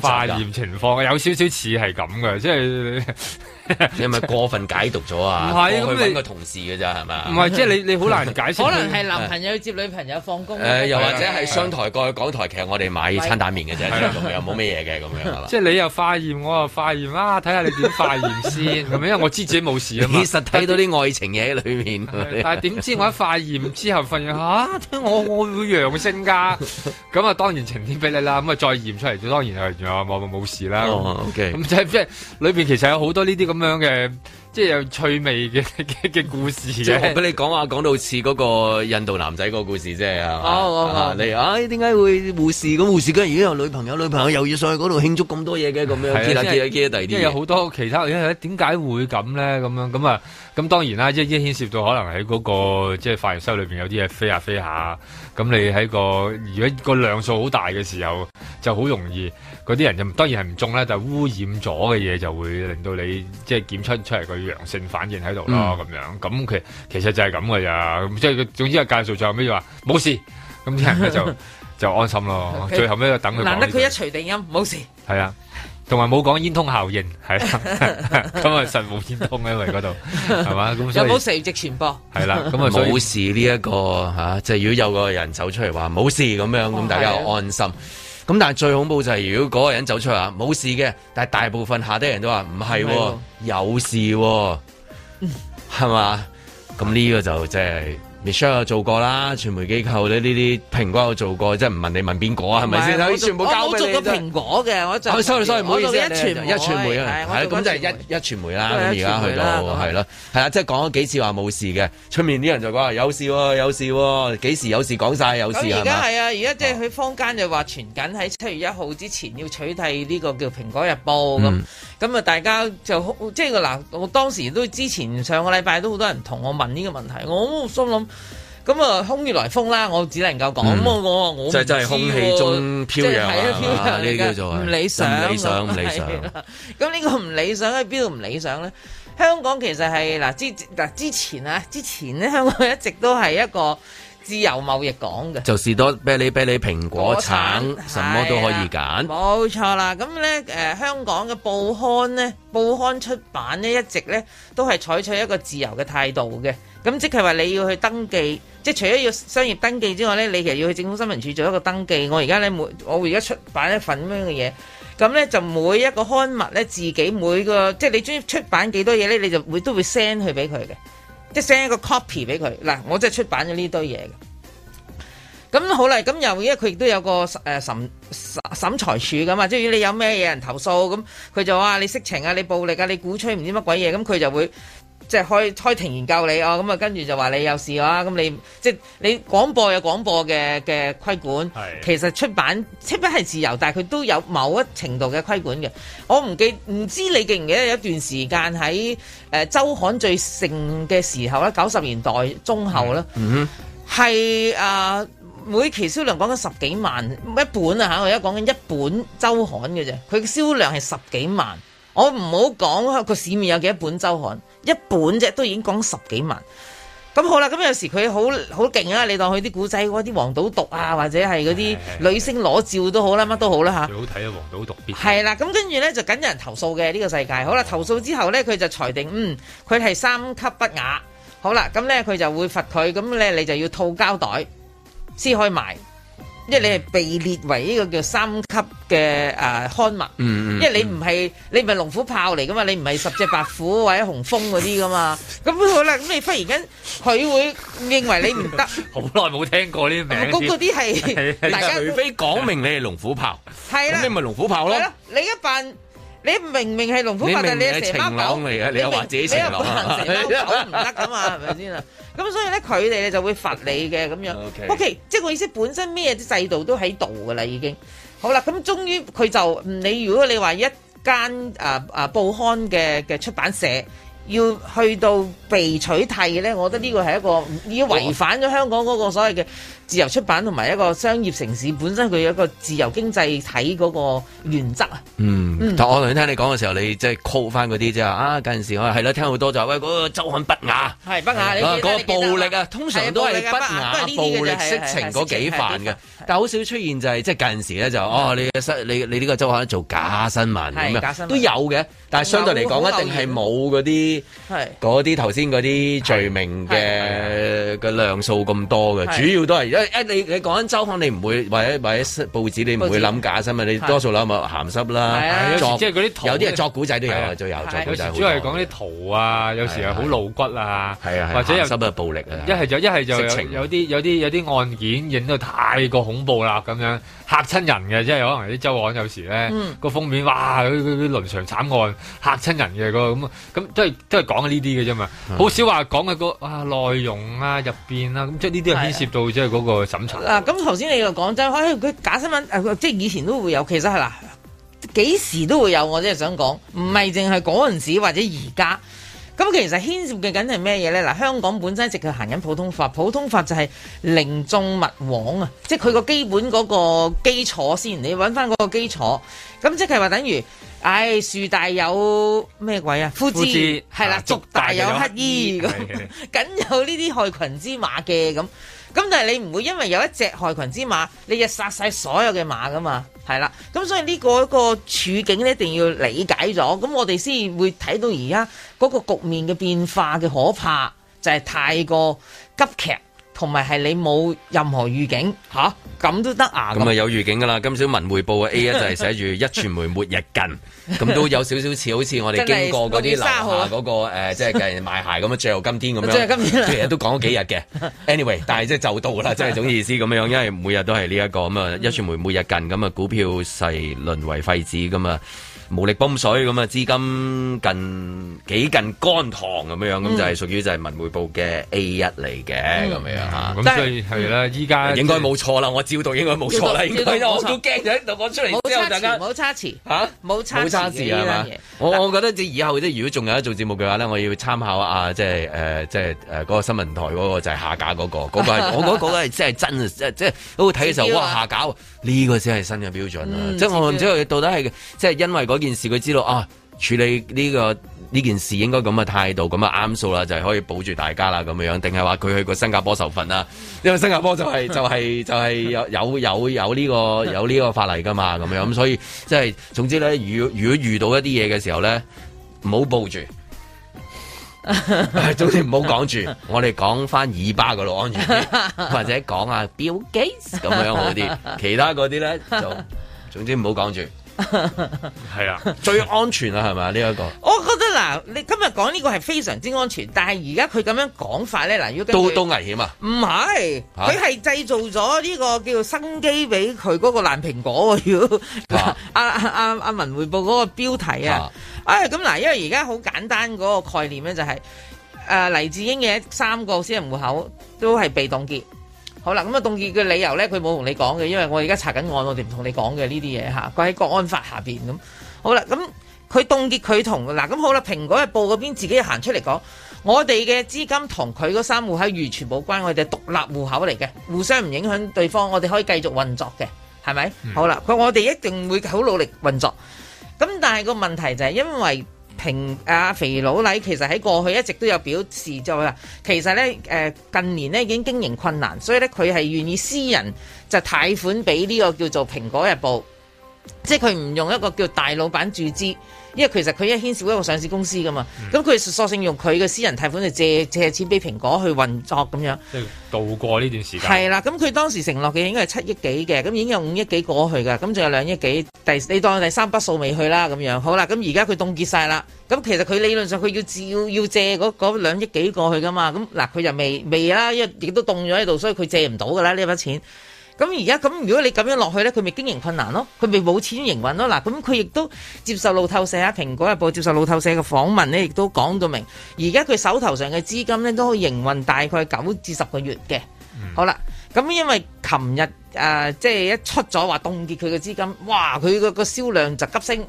化驗情況，有少少似係咁嘅，即係你係咪過分解讀咗啊？唔係咁你個同事嘅咋係咪？唔係即係你你好難解釋。可能係男朋友接女朋友放工。又或者係商台過去講台劇，我哋買餐蛋麵嘅啫，又冇咩嘢嘅咁樣啦。即係你又化驗，我又化驗啊！睇下你點化驗先因為我知自己冇事啊嘛。其實睇到啲愛情嘢喺裏面，但係點知我一化驗之後，發現嚇我我會陽性噶～咁啊、 嗯，當然晴天俾你啦，咁啊再驗出嚟，當然係仲有冇冇事啦。咁即係即係裏邊其實有好多呢啲咁樣嘅。即係有趣味嘅嘅嘅故事即我，即係佢你講下講到似嗰個印度男仔個故事啫啊！啊啊，你點解、哎、會護士咁護士？居然有女朋友，女朋友又要上去嗰度慶祝咁多嘢嘅咁樣，知啦？知啦？知啦？第二啲，因為有好多其他，因為點解會咁咧？咁樣咁啊？咁當然啦，即係牽涉到可能喺嗰、嗰個即係化驗室裏邊有啲嘢飛下、啊、飛下、啊，咁你喺個如果個量數好大嘅時候，就好容易嗰啲人就當然係唔中咧，但係污染咗嘅嘢就會令到你即係檢出出嚟佢。陽性反應喺度咯，咁、嗯、樣咁其其實就係咁噶咋，即係佢總之係介紹最後尾就話冇事，咁啲人咧就就安心咯。 最後尾就等佢難得佢一錘定音，冇事係啊，同埋冇講煙通效應係啦，咁啊實冇煙通因為嗰度係嘛，咁 有冇垂直傳播係啦，咁 啊冇事呢、這、一個吓，即、啊、係、就是、如果有個人走出嚟話冇事咁樣，咁、哦、大家就安心。咁但係最恐怖就係，如果嗰個人走出嚟啊冇事嘅，但係大部分下低人都話唔係喎，是的有事、啊，喎、嗯，係咪？咁呢個就即係。Michelle 有做過啦，傳媒機構呢呢啲蘋果有做過，即係唔問你問邊個啊？係咪先？我做緊蘋果嘅，我 sorry sorry，我做緊一傳一傳媒啊，係啦，咁就係一一傳媒啦。咁而家去到係咯，係啦，即係講咗幾次話冇事嘅，出面啲人就講有事喎，有事喎，幾時有事講晒，有事咁而家係啊，而家即係佢坊間就話傳緊喺七月一號之前要取締呢個叫蘋果日報咁。咁啊，大家就即係嗱，我當時都之前上個禮拜都好多人同我問呢個問題，我心諗。咁啊，空穴來風啦，我只能夠講。咁、嗯、我我唔知喎。即係真係空氣中飄揚啊！呢個叫做唔理想，理想，係啊，唔理想，唔理想。咁呢個唔理想喺邊度唔理想咧？香港其實係嗱之嗱之前啊，之前咧香港一直都係一個。自由冇嘢講嘅，就士多啤梨、啤梨、蘋果、想橙，什麼都可以揀。冇錯啦，咁呢、呃、香港嘅報刊呢，報刊出版呢，一直呢都係採取一個自由嘅態度嘅。咁即係話你要去登記，即係除咗要商業登記之外呢，你其實要去政府新聞處做一個登記。我而家呢，每，我而家出版一份咁樣嘅嘢，咁呢，就每一個刊物呢，自己每個，即係你中意出版幾多嘢呢，你就會都會 send 去俾佢嘅。即 send 個 copy 俾佢，嗱，我真係出版咗呢堆嘢嘅，咁好啦，咁又因為佢亦都有個誒、呃、審審裁處咁嘛。即係如果你有咩嘢人投訴咁，佢就話你色情啊、你暴力啊、你鼓吹唔知乜鬼嘢，咁佢就會。即係開開庭研究你哦，咁啊跟住就話你有事啦，咁、嗯、你即、就是、你廣播有廣播嘅嘅規管，是其實出版雖不係自由，但係佢都有某一程度嘅規管嘅。我唔記唔知你記唔記得有一段時間喺誒周刊最盛嘅時候咧，九十年代中後咧，係啊、嗯呃、每期銷量講緊十幾萬一本啊嚇，我而家講緊一本周刊嘅啫，佢嘅銷量係十幾萬。我唔好講個市面有幾多本周刊，一本啫都已經講十幾萬。咁好啦，咁有時佢好好勁啊！你當佢啲古仔嗰啲黃賭毒啊，或者係嗰啲女星裸照好都好啦，乜都好啦吓。最好睇啊，黃賭毒必須。係啦，咁跟住呢，就緊有人投訴嘅呢個世界。好啦，投訴之後呢，佢就裁定，嗯，佢係三級不雅。好啦，咁呢，佢就會罰佢，咁呢，你就要套膠袋撕開埋。即係你係被列為呢個叫三級嘅啊刊物，嗯嗯、因為你唔係你唔係龍虎豹嚟噶嘛，你唔係十隻白虎或者紅蜂嗰啲噶嘛，咁 好啦，咁你忽然間佢會認為你唔得，好耐冇聽過呢啲名，嗰嗰啲係大家除非講明你係龍虎豹。係啦的，你咪龍虎豹咯，你一扮。你明明係農夫，你係成貓狗嚟嘅，你又話自己成貓，你唔得㗎嘛，係咪先啊？咁所以咧，佢哋咧就會罰你嘅咁樣。OK，okay，即係我意思，本身咩制度都喺度噶啦，已經好啦。咁終於佢就，你如果你話一間啊啊報刊嘅嘅出版社要去到被取締咧，我覺得呢個係一個已經違反咗香港嗰個所謂嘅。自由出版同埋一個商業城市本身佢有一個自由經濟體嗰個原則啊。嗯，我頭先聽你講嘅時候，你即係 call 翻嗰啲啫啊！近時我係啦，聽好多就喂，嗰個周刊不雅係不雅，嗰個暴力啊，通常都係不雅暴力色情嗰幾範嘅，但好少出現就係即係近時咧就哦，你你你呢個周刊做假新聞咁啊，都有嘅，但係相對嚟講一定係冇嗰啲嗰啲頭先嗰啲罪名嘅嘅量數咁多嘅，主要都係一你你講緊週刊，你唔會或者或者報紙，你唔會諗假新聞。你多數諗咪鹹濕啦，作即係嗰啲，有啲係作古仔都有啊，都有作古仔。主要係講啲圖啊，有時係好露骨啊，係啊係啊，或者有暴力，一係就一係就有啲有啲有啲案件影到太過恐怖啦，咁樣嚇親人嘅，即係可能啲週刊有時咧，個封面哇，佢佢啲倫常慘案嚇親人嘅個咁咁，都係都係講緊呢啲嘅啫嘛，好少話講嘅個啊內容啊入邊啊，咁即係呢啲係牽涉到即係嗰個。審查咁頭先你又講真，係、哎、佢假新聞誒、啊，即係以前都會有，其實係啦幾時都會有，我真係想講，唔係淨係嗰陣時或者而家，咁、嗯、其實牽涉嘅梗係咩嘢咧？嗱、啊，香港本身一直行緊普通法，普通法就係寧縱勿枉啊，即係佢個基本嗰個基礎先，你搵翻嗰個基礎，咁即係話等於，唉、哎，樹大有咩鬼啊，枯枝，係啦士，族、啊、大有乞衣，咁的， 梗有呢啲害群之馬嘅咁。咁但係你唔會因為有一隻害群之馬，你就殺晒所有嘅馬噶嘛？係啦，咁所以呢個一個處境呢一定要理解咗，咁我哋先會睇到而家嗰個局面嘅變化嘅可怕，就係太過急劇，同埋係你冇任何預警吓，咁都得啊？咁啊有預警噶啦，今朝文匯報嘅 A 就寫一就係寫住一傳媒末日近。咁都 有少少似，好似我哋經過嗰啲樓下嗰、嗰個誒，即係賣鞋咁樣最後今天咁樣，即係 今日都講咗幾日嘅，anyway，但係即係就到啦，即係 種意思咁樣，因為每日都係呢一個咁啊，壹傳媒每日近咁啊，股票係淪為廢紙咁啊。無力泵水咁啊，資金近幾近乾塘咁樣樣，咁就係屬於就係文匯報嘅 A 一嚟嘅咁樣吓，所以係啦，依家應該冇錯啦，我照讀應該冇錯啦，我都驚咗，到我出嚟之後突然冇差詞，冇差冇差字啊嘛，我我覺得以後即係如果仲有一做節目嘅話呢，我要參考啊，即係誒，即係誒嗰個新聞台嗰個就係下架嗰個，嗰個我嗰個係真係真即係即係我睇嘅時候哇下架，呢個先係新嘅標準啊，即係我唔知道到底係即係因為嗰。件事佢知道啊，處理呢、這個呢件事應該咁嘅態度咁啊啱數啦，就係可以保住大家啦咁樣樣，定係話佢去過新加坡受訓啦？因為新加坡就係、是、就係、是、就係、是、有有有、這個、有呢個有呢個法例噶嘛咁樣，咁所以即係、就是、總之咧，如果如果遇到一啲嘢嘅時候咧，唔 好報住，總之唔好講住。我哋講翻耳巴嗰度安全，啲，或者講下標機咁樣好啲，其他嗰啲咧就總之唔好講住。係 啊，最安全啦，係咪啊？呢一個，我覺得嗱，你今日講呢個係非常之安全，但係而家佢咁樣講法咧，嗱，都都危險啊？唔係，佢係製造咗呢個叫做生機俾佢嗰個爛蘋果。要阿阿阿阿文匯報嗰個標題啊，哎，咁嗱，因為而家好簡單嗰個概念咧，就是，就係誒黎智英嘅三個私人戶口都係被凍結。好啦，咁啊凍結嘅理由咧，佢冇同你講嘅，因為我而家查緊案，我哋唔同你講嘅呢啲嘢吓。佢喺、啊、國安法下邊咁、啊，好啦，咁佢凍結佢同嗱咁好啦，蘋果日報嗰邊自己行出嚟講，我哋嘅資金同佢嗰三戶係完全冇關，我哋獨立戶口嚟嘅，互相唔影響對方，我哋可以繼續運作嘅，係咪？嗯、好啦，佢我哋一定會好努力運作，咁但係個問題就係因為。平啊、肥佬黎其實喺過去一直都有表示就話、是，其實呢、呃、近年呢已經經營困難，所以呢佢係願意私人就貸款俾呢個叫做《蘋果日報》，即係佢唔用一個叫大老闆注資。因為其實佢一牽涉一個上市公司噶嘛，咁佢、嗯、索性用佢嘅私人貸款嚟借借錢俾蘋果去運作咁樣，即度過呢段時間。係啦，咁佢當時承諾嘅應該係七億幾嘅，咁已經有五億幾過去㗎，咁仲有兩億幾，第你當第三筆數未去啦咁樣。好啦，咁而家佢凍結晒啦，咁其實佢理論上佢要要要借嗰嗰兩億幾過去㗎嘛，咁嗱佢就未未啦，因為亦都凍咗喺度，所以佢借唔到㗎啦呢筆錢。咁而家咁如果你咁樣落去呢，佢咪經營困難咯，佢咪冇錢營運咯。嗱，咁佢亦都接受路透社啊、蘋果日報接受路透社嘅訪問呢，亦都講到明。而家佢手頭上嘅資金呢，都可以營運大概九至十個月嘅。嗯、好啦，咁因為琴日誒，即係一出咗話凍結佢嘅資金，哇！佢個個銷量就急升，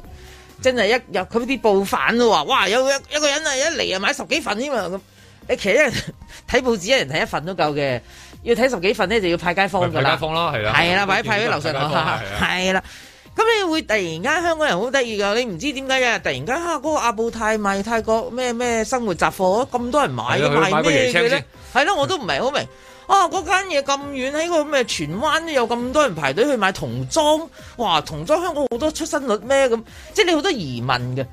真係一有佢啲報販都話，哇！有一個人啊，一嚟啊買十幾份㗎嘛咁。其實一睇報紙，一人睇一份都夠嘅。要睇十幾份咧，就要派街坊噶啦，派街坊咯，係啦，係啦的，或者派俾樓上，係啦、啊。咁的你會突然間香港人好得意噶，你唔知點解啊？突然間嗰、啊那個阿布泰賣泰國咩咩生活雜貨，咁多人買的賣買咩嘅咧？係咯，我都唔係好明哦，嗰間嘢咁遠喺個咩荃灣有咁多人排隊去買童裝，哇！童裝香港好多出生率咩咁，即係你好多疑問嘅。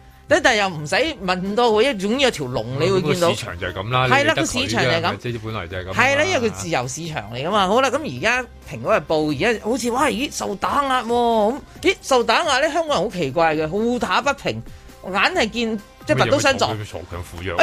但又唔使問多佢，一總有條龍，你會見到。市場就係咁啦，係啦，個市場就係咁。係啦，因為佢自由市場嚟㗎嘛。好啦，咁而家蘋果日報，而家好似哇咦受打壓喎咁，咦受打壓咧，香港人好奇怪嘅，好打不平，眼係見即係麼拔刀相助。誒、啊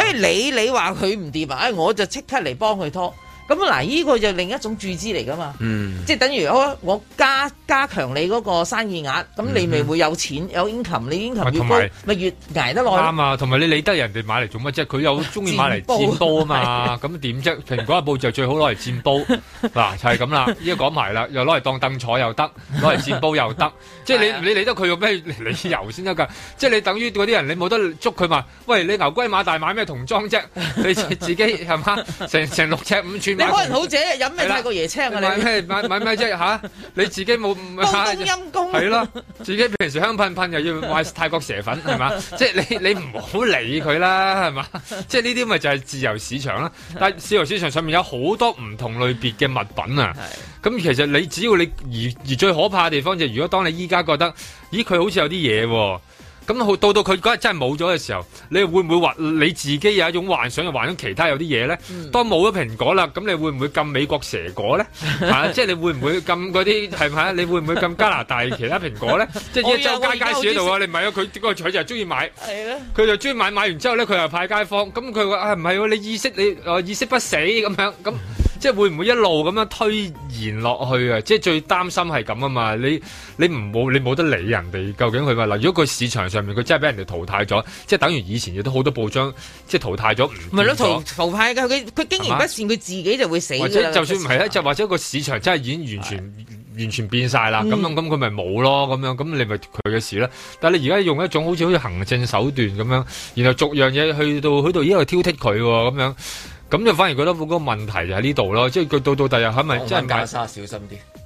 欸、你你話佢唔掂啊，我就即刻嚟幫佢拖。咁嗱，呢個就另一種注資嚟噶嘛，嗯、即係等於我加加強你嗰個生意額，咁、嗯嗯、你咪會有錢有 income，你 income 係咪，咪越，越捱得耐啱啊！同埋你理得人哋買嚟做乜啫？佢又中意買嚟佔煲啊嘛，咁點啫？蘋果日報就最好攞嚟佔煲嗱，就係咁啦。依家講埋啦，又攞嚟當凳坐又得，攞嚟佔煲又得，即係你你理得佢用咩理由先得噶？即係你等於嗰啲人，你冇得捉佢嘛？喂，你牛高馬大買咩童裝啫？你自己係嘛？成成六尺五寸。你可能好姐飲咩泰國椰青啊？你買咩，買買咩啫，嚇，你自己冇當陰公係咯？自己平時香噴噴又要買泰國蛇粉係嘛？ 即係你你，唔好理佢啦係嘛？即係呢啲咪就係自由市場啦。但係自由市場上面有好多唔同類別嘅物品啊。咁 其實你只要你，而而，最可怕嘅地方就係如果當你依家覺得咦，佢好似有啲嘢、哦。咁到到佢嗰日真係冇咗嘅時候，你會唔會話你自己有一種幻想，幻想其他有啲嘢咧？當冇咗蘋果啦，咁你會唔會禁美國蛇果咧？嚇！即係你會唔會禁嗰啲係咪啊？你會唔會禁加拿大其他蘋果咧？即係澳洲街街市喺度啊！你唔係啊？佢個嘴就中意買，係咧，佢就中意買買完之後咧，佢又派街坊。咁佢話：，啊唔係喎，你意識你啊意識不死咁樣咁。即係會唔會一路咁樣推延落去啊？即係最擔心係咁啊嘛！你你唔冇你冇得理人哋，究竟佢話？嗱，如果個市場上面佢真係俾人哋淘汰咗，即係等於以前亦都好多報章即係淘汰咗，唔係咯？淘汰嘅佢佢經營不善，佢嗎自己就會死。或者就算唔係咧，就嗎或者個市場真係已經完全對 完全變晒啦，咁、嗯、樣咁佢咪冇咯？咁樣咁你咪佢嘅事啦。但係你而家用一種好似好似行政手段咁樣，然後逐樣嘢去到去到而家挑剔佢喎，咁樣。咁就反而覺得嗰個問題就喺呢度咯，即係佢到到第日係咪真係解沙小心啲？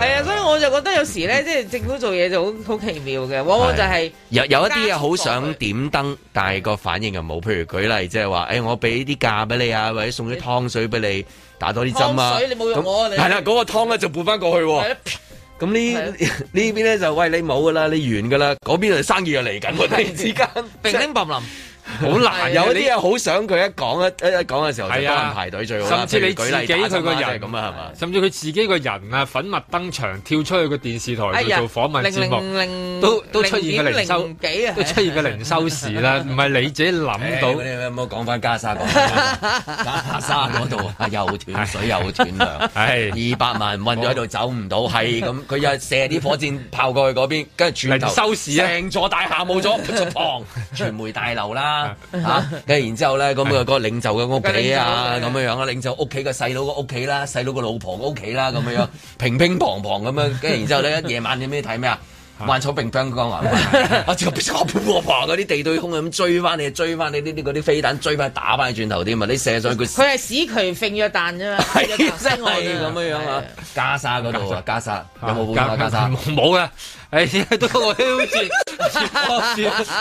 係啊，所以我就覺得有時咧，即、就、係、是、政府做嘢就好好奇妙嘅，往往就係有有一啲嘢好想點燈，但係個反應又冇。譬如舉例，即係話，誒、哎、我俾啲價俾你啊，或者送啲湯水俾你打多啲針啊。湯水你冇用我那你啊，啦，嗰個湯咧就撥翻過去喎。咁呢呢邊咧就，喂，你冇噶啦，你完噶啦，嗰邊嘅生意又嚟緊，突然、啊、之間叮叮噚好難，有啲嘢好想佢一講一誒講嘅時候就多人排隊，最好甚至你自己佢個人咁啊係嘛？甚至佢自己個人啊，粉墨登場跳出去個電視台度做訪問節目，零零零都零點零幾啊，都出現個零收時啦。唔係你自己諗到，你有冇講返加沙嗰度？加沙嗰度啊又斷水又斷糧，係二百萬困咗喺度走唔到，係咁佢又射啲火箭炮過去嗰邊，跟住全收市啊，成座大廈冇咗，旁傳媒大樓啦。吓，跟住然之後咧，咁啊個領袖嘅屋企啊，咁樣樣啊，領袖屋企個細佬個屋企啦，細佬個老婆個屋企啦，咁樣樣，乒乒乓乓咁樣，跟住然之後咧，夜晚你咩睇咩啊？萬草並生光啊！我知個，嗰啲地對空咁追翻你，追翻你啲啲嗰啲飛彈，追翻打翻你轉頭添嘛。你射咗佢，佢係屎渠揈咗彈啫嘛，係啊，真咁樣樣啊！加沙嗰度啊，加沙有冇？加沙冇嘅。誒，都我挑戰，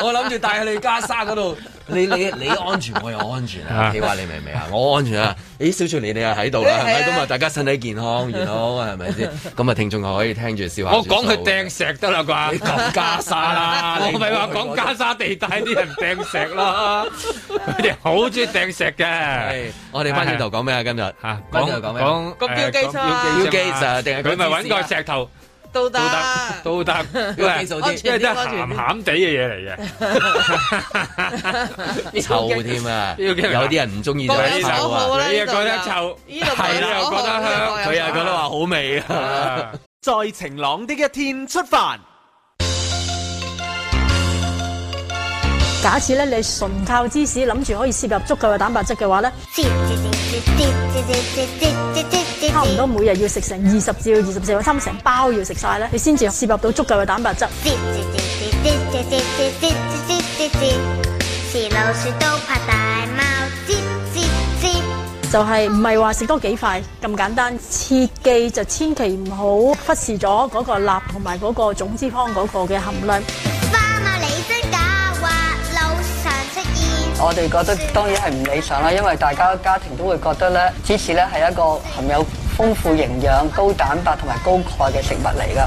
我我諗住帶去你加沙嗰度，你你你安全，我又安全啊？你話你明唔明啊？我安全啦。咦，小翠蓮你又喺度啦？係咪咁啊？大家身體健康，然後係咪先？咁啊，聽眾可以聽住笑話。我講佢掟石得啦啩？你講加沙啦？我咪話講加沙地帶啲人掟石咯，佢哋好中意掟石嘅。我哋翻轉頭講咩啊？今日吓，講講個標記者，標記者定係佢咪揾個石頭？都得，都得，因為都係，咸咸哋嘅嘢嚟嘅，臭添啊！有啲人唔中意呢啲臭啊，你又覺得臭，係啦，又、啊、覺得香，佢又覺得話好味啊！在晴朗的一天出發。假設咧，你純靠芝士諗住可以攝入足夠嘅蛋白質嘅話咧，差唔多每日要食成二十至二十四個，差唔多成包要食晒。咧、er，你先至攝入到足夠嘅蛋白質。時老鼠都怕大貓吱吱吱就係唔係話食多幾塊咁簡單？切記就千祈唔好忽視咗嗰個鈉同埋嗰個總脂肪嗰個嘅含量。 我哋覺得當然係唔理想啦，因為大家家庭都會覺得咧，芝士咧係一個含有豐富營養、高蛋白同埋高鈣嘅食物嚟㗎。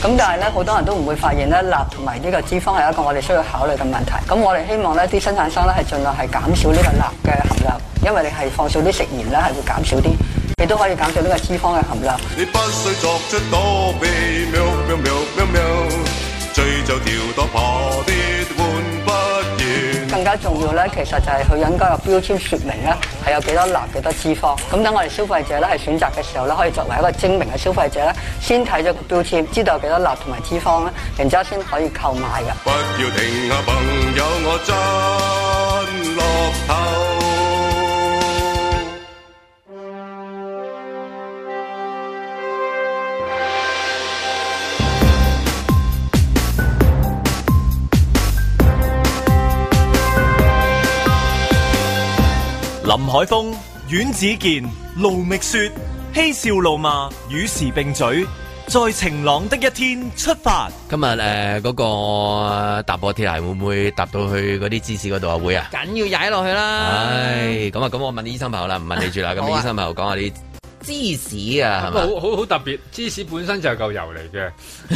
咁但係咧，好多人都唔會發現咧，鈉同埋呢個脂肪係一個我哋需要考慮嘅問題。咁我哋希望咧，啲生產商咧係儘量係減少呢個鈉嘅含量，因為你係放少啲食鹽咧，係會減少啲，你都可以減少呢個脂肪嘅含量。醉，就掉多換不完更加重要咧，其實就係佢應該有標籤說明咧，係有幾多鈉、幾多脂肪。咁等我哋消費者咧，喺選擇嘅時候咧，可以作為一個精明嘅消費者咧，先睇咗個標籤，知道有幾多鈉同埋脂肪咧，然之後先可以購買嘅。不要停下啊，朋友，我真落後。海峰、阮子健、盧覓雪、嬉笑怒罵，與時並嘴。在晴朗的一天出發。今日誒，嗰個搭波鐵鞋會唔會搭到去嗰啲芝士嗰度啊？會啊，緊要踩落去啦。唉，咁啊，咁我問醫生朋友啦，唔問你住啦。咁醫生朋友講下啲。芝士啊，係好好好特別，芝士本身就係嚿油嚟嘅，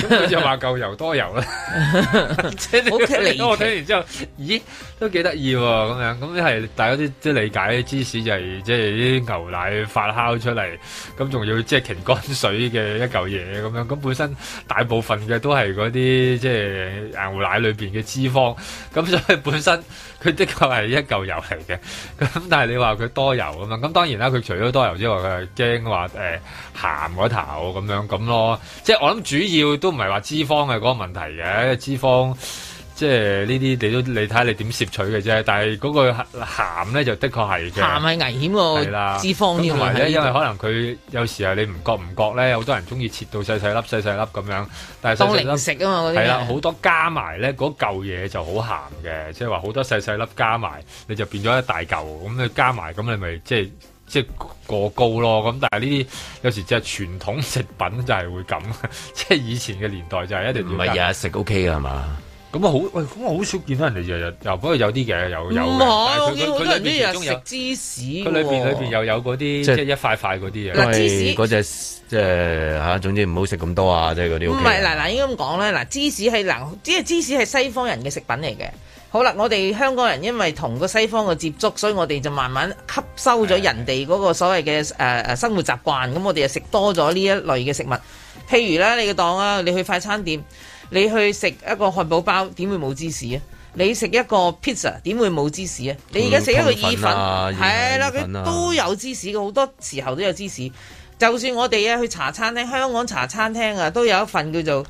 咁就話嚿油 多油啦，好貼你。我聽完之後，咦，都幾得意喎，咁樣咁你係大家都都理解，芝士就係即係啲牛奶發酵出嚟，咁仲要即係甜乾水嘅一嚿嘢咁樣，咁本身大部分嘅都係嗰啲即係牛奶裏邊嘅脂肪，咁所以本身。佢的確係一嚿油嚟嘅，咁但係你話佢多油吖嘛，咁當然啦，佢除咗多油之外，佢係驚話誒鹹嗰頭咁樣咁咯，即係我諗主要都唔係話脂肪係嗰個問題嘅脂肪。即係呢啲，你都你睇下你點攝取嘅啫。但係嗰個鹹咧，就的確係嘅。鹹係危險喎。脂肪，同埋咧，因為可能佢有時候你唔覺唔覺咧，有好多人中意切到細細粒，粒、細細粒咁樣。但係當零食啊嘛，係啦，好多加埋咧嗰嚿嘢就好鹹嘅。即係話好多細細粒加埋，你就變咗一大嚿。咁你加埋咁，你咪即係即係過高咯。咁但係呢啲有時即係傳統食品就係會咁。即係以前嘅年代就係一定唔係日日食 O K 嘅係嘛。咁啊好喂，咁我好少見到人哋日日又，不過有啲嘢又有。唔係，佢佢佢入邊食芝士，佢裏邊裏邊又有嗰啲即係一塊塊嗰啲嘢。芝士嗰隻即係嚇，總之唔好食咁多啊！即係嗰啲。唔係嗱嗱，應該咁講咧。嗱，芝士係嗱，即係芝士係西方人嘅食品嚟嘅。好啦，我哋香港人因為同個西方嘅接觸，所以我哋就慢慢吸收咗人哋嗰個所謂嘅誒誒生活習慣。咁我哋就食多咗呢一類嘅食物。譬如咧，你嘅檔啊，你去快餐店。你去食一個漢堡包，點會冇芝士啊？你食一個 Pizza，點會冇芝士啊？嗯、你而家食一個意粉，係啦、啊，佢的、啊、都有芝士嘅，好多時候都有芝士。就算我哋啊去茶餐廳，香港茶餐廳啊都有一份叫做、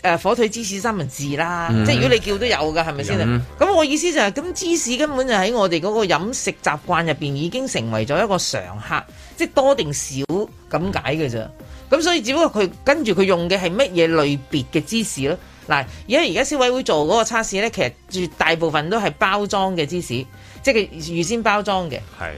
呃、火腿芝士三文治啦，嗯、即如果你叫都有㗎，係咪先啊？咁、嗯、我意思就係、是，咁芝士根本就喺我哋嗰個飲食習慣入面，已經成為咗一個常客，即多定少咁解嘅啫。咁、嗯、所以只不過佢跟住佢用嘅係乜嘢類別嘅芝士咯。嗱，而家而家消委會做嗰個測試咧，其實絕大部分都係包裝嘅芝士，即係預先包裝嘅。係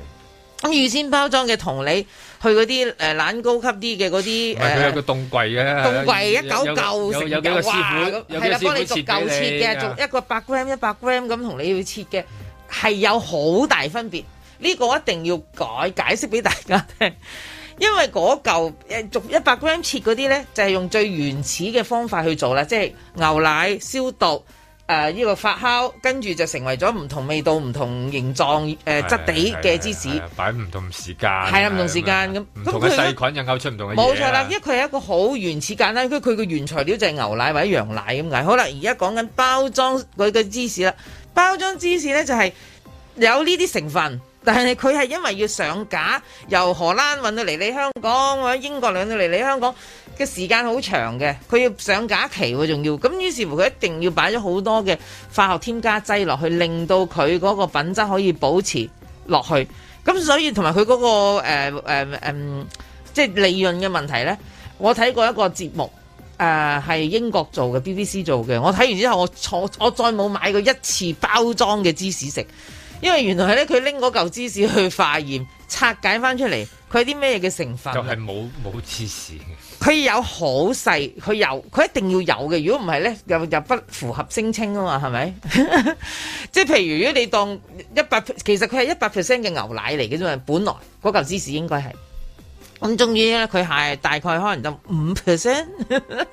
咁是、嗯、預先包裝嘅，同你去嗰啲誒懶高級啲嘅嗰啲，唔係佢有個凍櫃嘅凍櫃一嚿嚿成日哇咁，係啦幫你切嚿你切嘅，做一個百 gram 一百 gram 咁同你要切嘅，係有好大分別。呢、這個一定要改解釋俾大家聽。因為嗰嚿誒逐一百 gram 切嗰啲呢，就係用最原始嘅方法去做啦，即係牛奶消毒，誒呢個發酵，跟住就成為咗唔同味道、唔同形狀、誒質地嘅芝士。擺唔同時間，係啊，唔同時間咁。唔同嘅細菌又拗出唔同嘅。冇錯啦，因為佢係一個好原始簡單，佢佢嘅原材料就係牛奶或者羊奶咁解。好啦，而家講緊包裝佢嘅芝士啦，包裝芝士呢，就係有呢啲成分。但係佢係因為要上架，由荷蘭運到嚟你香港，或者英國運到嚟你香港嘅時間好長嘅，佢要上架期，佢仲要，咁於是乎佢一定要擺咗好多嘅化學添加劑落去，令到佢嗰個品質可以保持落去。咁所以同埋佢嗰個誒誒、呃呃呃、即係利潤嘅問題呢，我睇過一個節目，誒、呃、係英國做嘅 BBC 做嘅，我睇完之後我我再冇買過一次包裝嘅芝士食。因為原來咧，佢拎嗰嚿芝士去化驗拆解翻出嚟，佢係啲咩嘅成分？就係冇冇芝士嘅。佢有好細，佢有，佢一定要有嘅。如果唔係咧，又又不符合聲稱啊嘛，係咪？ 即係譬如，如果你當一百，其實佢係一百 percent 嘅牛奶嚟嘅啫嘛，本來嗰嚿芝士應該係。咁中醫咧，佢係大概可能就五 percent，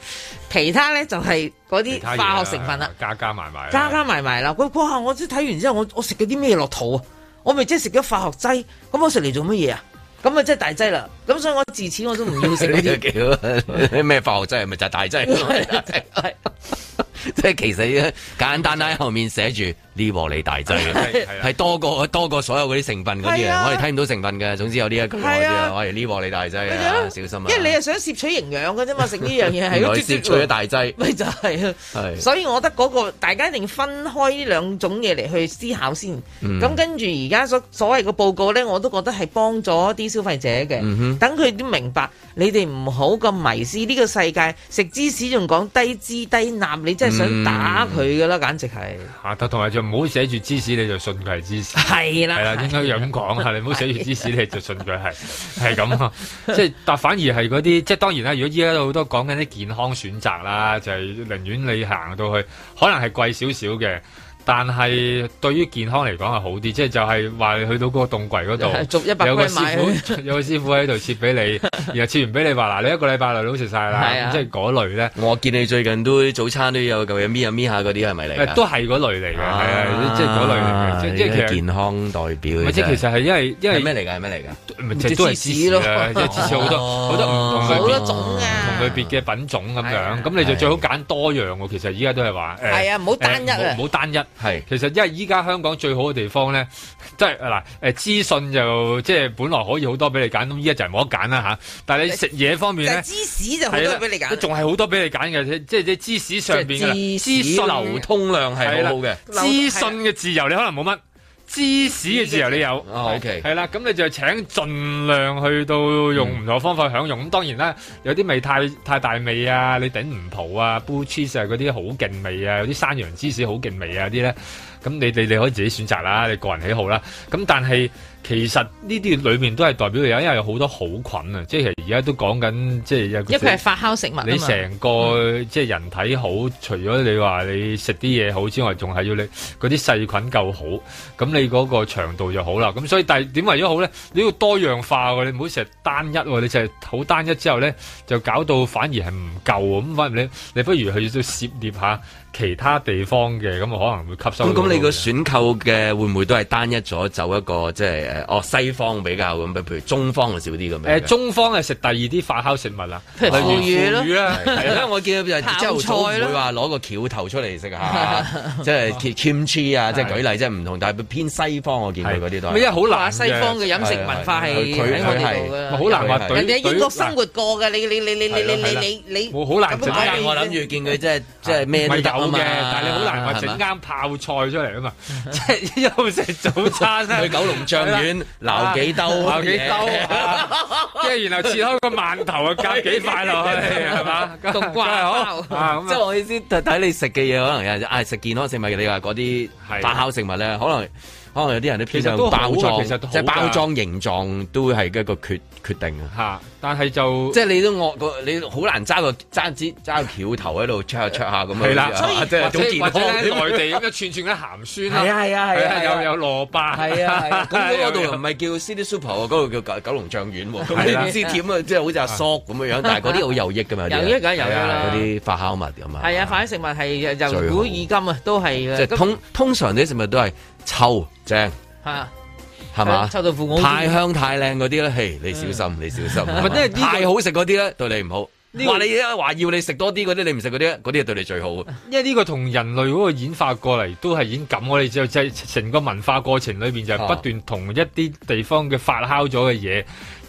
其他咧就係嗰啲化學成分啦、啊，加加埋埋，加加埋埋啦。我哇！我即睇完之後，我我食咗啲咩落肚啊？我咪即係食咗化學劑，咁我食嚟做乜嘢啊？咁啊真係大劑啦！咁所以我自此我都唔要食嗰啲咩化學劑，咪就係、係、大劑。 即係其實咧簡單啦，喺後面寫住呢鑊你大劑，係多過多過所有嗰啲成分嗰啲啊！我哋睇唔到成分嘅，總之有呢一耐我哋呢鑊你大劑，小心啊！因為你係想攝取營養嘅啫嘛，食呢樣嘢係要攝取大劑，咪就係。所以我覺得嗰個大家一定要分開呢兩種嘢嚟去思考先。咁跟住而家所所謂嘅報告咧，我都覺得係幫咗啲消費者嘅。等佢都明白，你哋唔好咁迷思呢個世界食芝士仲講低脂低鈉，你真係打佢噶啦，簡直係吓。同埋就唔好寫住芝士，你就信佢係芝士，係啦，係啦，應該咁講吓，的你唔好寫住芝士，的你就信佢係係咁啊，即係 但反而係嗰啲，即係當然啦。如果依家都好多講緊啲健康選擇啦，就係寧願你行到去，可能係貴少少嘅。但係對於健康嚟講係好啲，即係就係話去到嗰個凍櫃嗰度，有個師傅有個師傅喺度切俾你，然後切完俾你話嗱，你一個禮拜內都食晒啦，即係嗰類咧。我見你最近都早餐都有咁樣搣下搣下嗰啲係咪嚟？都係嗰類嚟嘅，即係嗰類，即係健康代表。即係其實係因為因為咩嚟嘅？係咩嚟嘅？都係芝士咯，即係芝士好多好多唔同好多種嘅，唔同類別嘅品種咁樣。咁你就最好揀多樣喎。其實依家都係話係啊，唔好單一啊，唔好單一。係，是其實因為依家香港最好嘅地方呢，就是，咧，咧資訊就即係嗱，誒資訊就即係本來可以好多俾你揀，咁依家就係冇得揀啦吓。但係你食嘢方面咧，但芝士就好多俾你揀，仲係好多俾你揀嘅，即係啲芝士上邊嘅資訊流通量係好好嘅，資訊嘅自由你可能冇乜。芝士嘅自由你有，OK，係啦，咁你就請盡量去到用唔同嘅方法享用。咁當然啦，有啲味太太大味啊，你頂唔蒲啊，blue cheese 啊嗰啲好勁味啊，有啲山羊芝士好勁味啊啲咧，咁你你你可以自己選擇啦，你個人喜好啦。咁但係。其實呢啲裏面都係代表有因為有好多好菌啊！即係而家都講緊，即係一個一個係發酵食物。你成個即係人體好，嗯、除咗你話你食啲嘢好之外，仲係要你嗰啲細菌夠好。咁你嗰個腸道就好啦。咁所以但係點為咗好咧？你要多樣化，你唔好成日單一，你成好單一之後咧，就搞到反而係唔夠。咁反而你你不如去涉獵下其他地方嘅，咁可能會吸收。咁你個選購嘅會唔會都係單一咗走一個即係？就是哦，西方比較咁，譬如中方就少啲咁樣。誒，中方係食第二啲發酵食物啊，譬如腐乳啦。係啦，我見到就泡菜，唔會話攞個橋頭出嚟食下，即係 kimchi 啊，即係舉例，即係唔同。但係偏西方，我見佢嗰啲都係。因為好西方嘅飲食文化係喺我哋好難話對你喺英國生活過嘅，你你你你你你你你你，我好難。我諗住見佢即係即係咩嘅，但係你好難話整啱泡菜出嚟啊嘛，即係休食早餐去九龍醬。留幾兜，留幾兜，即係然後切開個饅頭啊，加幾塊落去，係嘛？咁乖好，即係我意思睇睇你食嘅嘢，可能有，唉食健康食物，你話嗰啲發酵食物咧，可能。可能有啲人都偏向包裝，即係包裝形狀都係一個決決定啊！吓，但係就即係你都惡過你好難揸個揸子揸個橋頭喺度 check 下 check 下咁啊！係啦，即係總言之，喺內地咁一串串嘅鹹酸啊！係啊係啊係啊！有有蘿蔔係啊！咁度唔係叫 City Super 喎，嗰度叫九九龍醬園喎。咁你唔知點啊？即係好似阿叔咁樣樣，但係嗰啲好有益噶嘛？有益梗有益啦！啲發酵物咁啊！係啊！發酵食物係由古以今啊，都係即係通通常啲食物都係。臭正係啊，係嘛吧？臭豆腐我太香太靚嗰啲咧，嘿，你小心你小心，因為係太好食嗰啲咧，對你唔好。話、這個、你話要你食多啲嗰啲，你唔食嗰啲，嗰啲係對你最好。因為呢個同人類嗰個演化過嚟，都係已經咁，我哋就即就成個文化過程裏邊就不斷同一啲地方嘅發酵咗嘅嘢。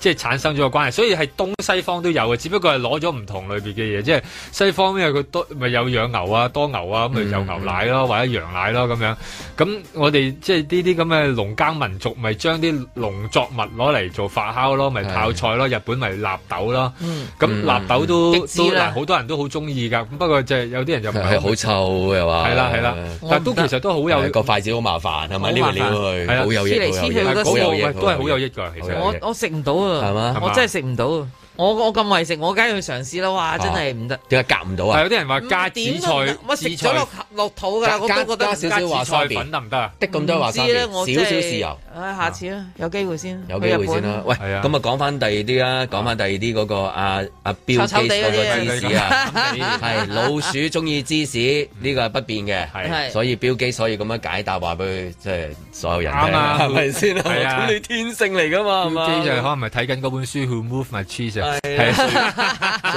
即係產生咗個關係，所以係東西方都有嘅，只不過係攞咗唔同類別嘅嘢。即係西方因為，佢多咪有養牛啊、多牛啊，咁咪有牛奶咯，或者羊奶咯咁樣。咁我哋即係呢啲咁嘅農耕民族，咪將啲農作物攞嚟做發酵咯，咪泡菜咯，日本咪納豆咯。嗯，咁納豆都都好多人都好中意㗎。不過即係有啲人就係好臭嘅話，係啦係啦。但都其實都好有個筷子好麻煩係咪？呢啲料去好有益，好有益，都係好有益㗎。其實我食唔到啊。係嘛？我真係食唔到，我我咁為食，我梗要嘗試啦！哇，真係唔得，點解夾唔到啊？有啲人話加紫菜，我食咗落落肚噶。加加少少話菜粉得唔得啊？的咁多話菜粉，少少豉油，唉，下次啦，有機會先，有機會先啦。喂，咁啊，講翻第二啲啦，講翻第二啲嗰個阿阿彪機嗰個芝士啊，係老鼠中意芝士呢個不變嘅，係所以彪機所以咁樣解答話俾佢即係。所有人係咪先啊？你天性嚟噶嘛？即就可能係睇緊嗰本書，Who Move My Cheese 啊？係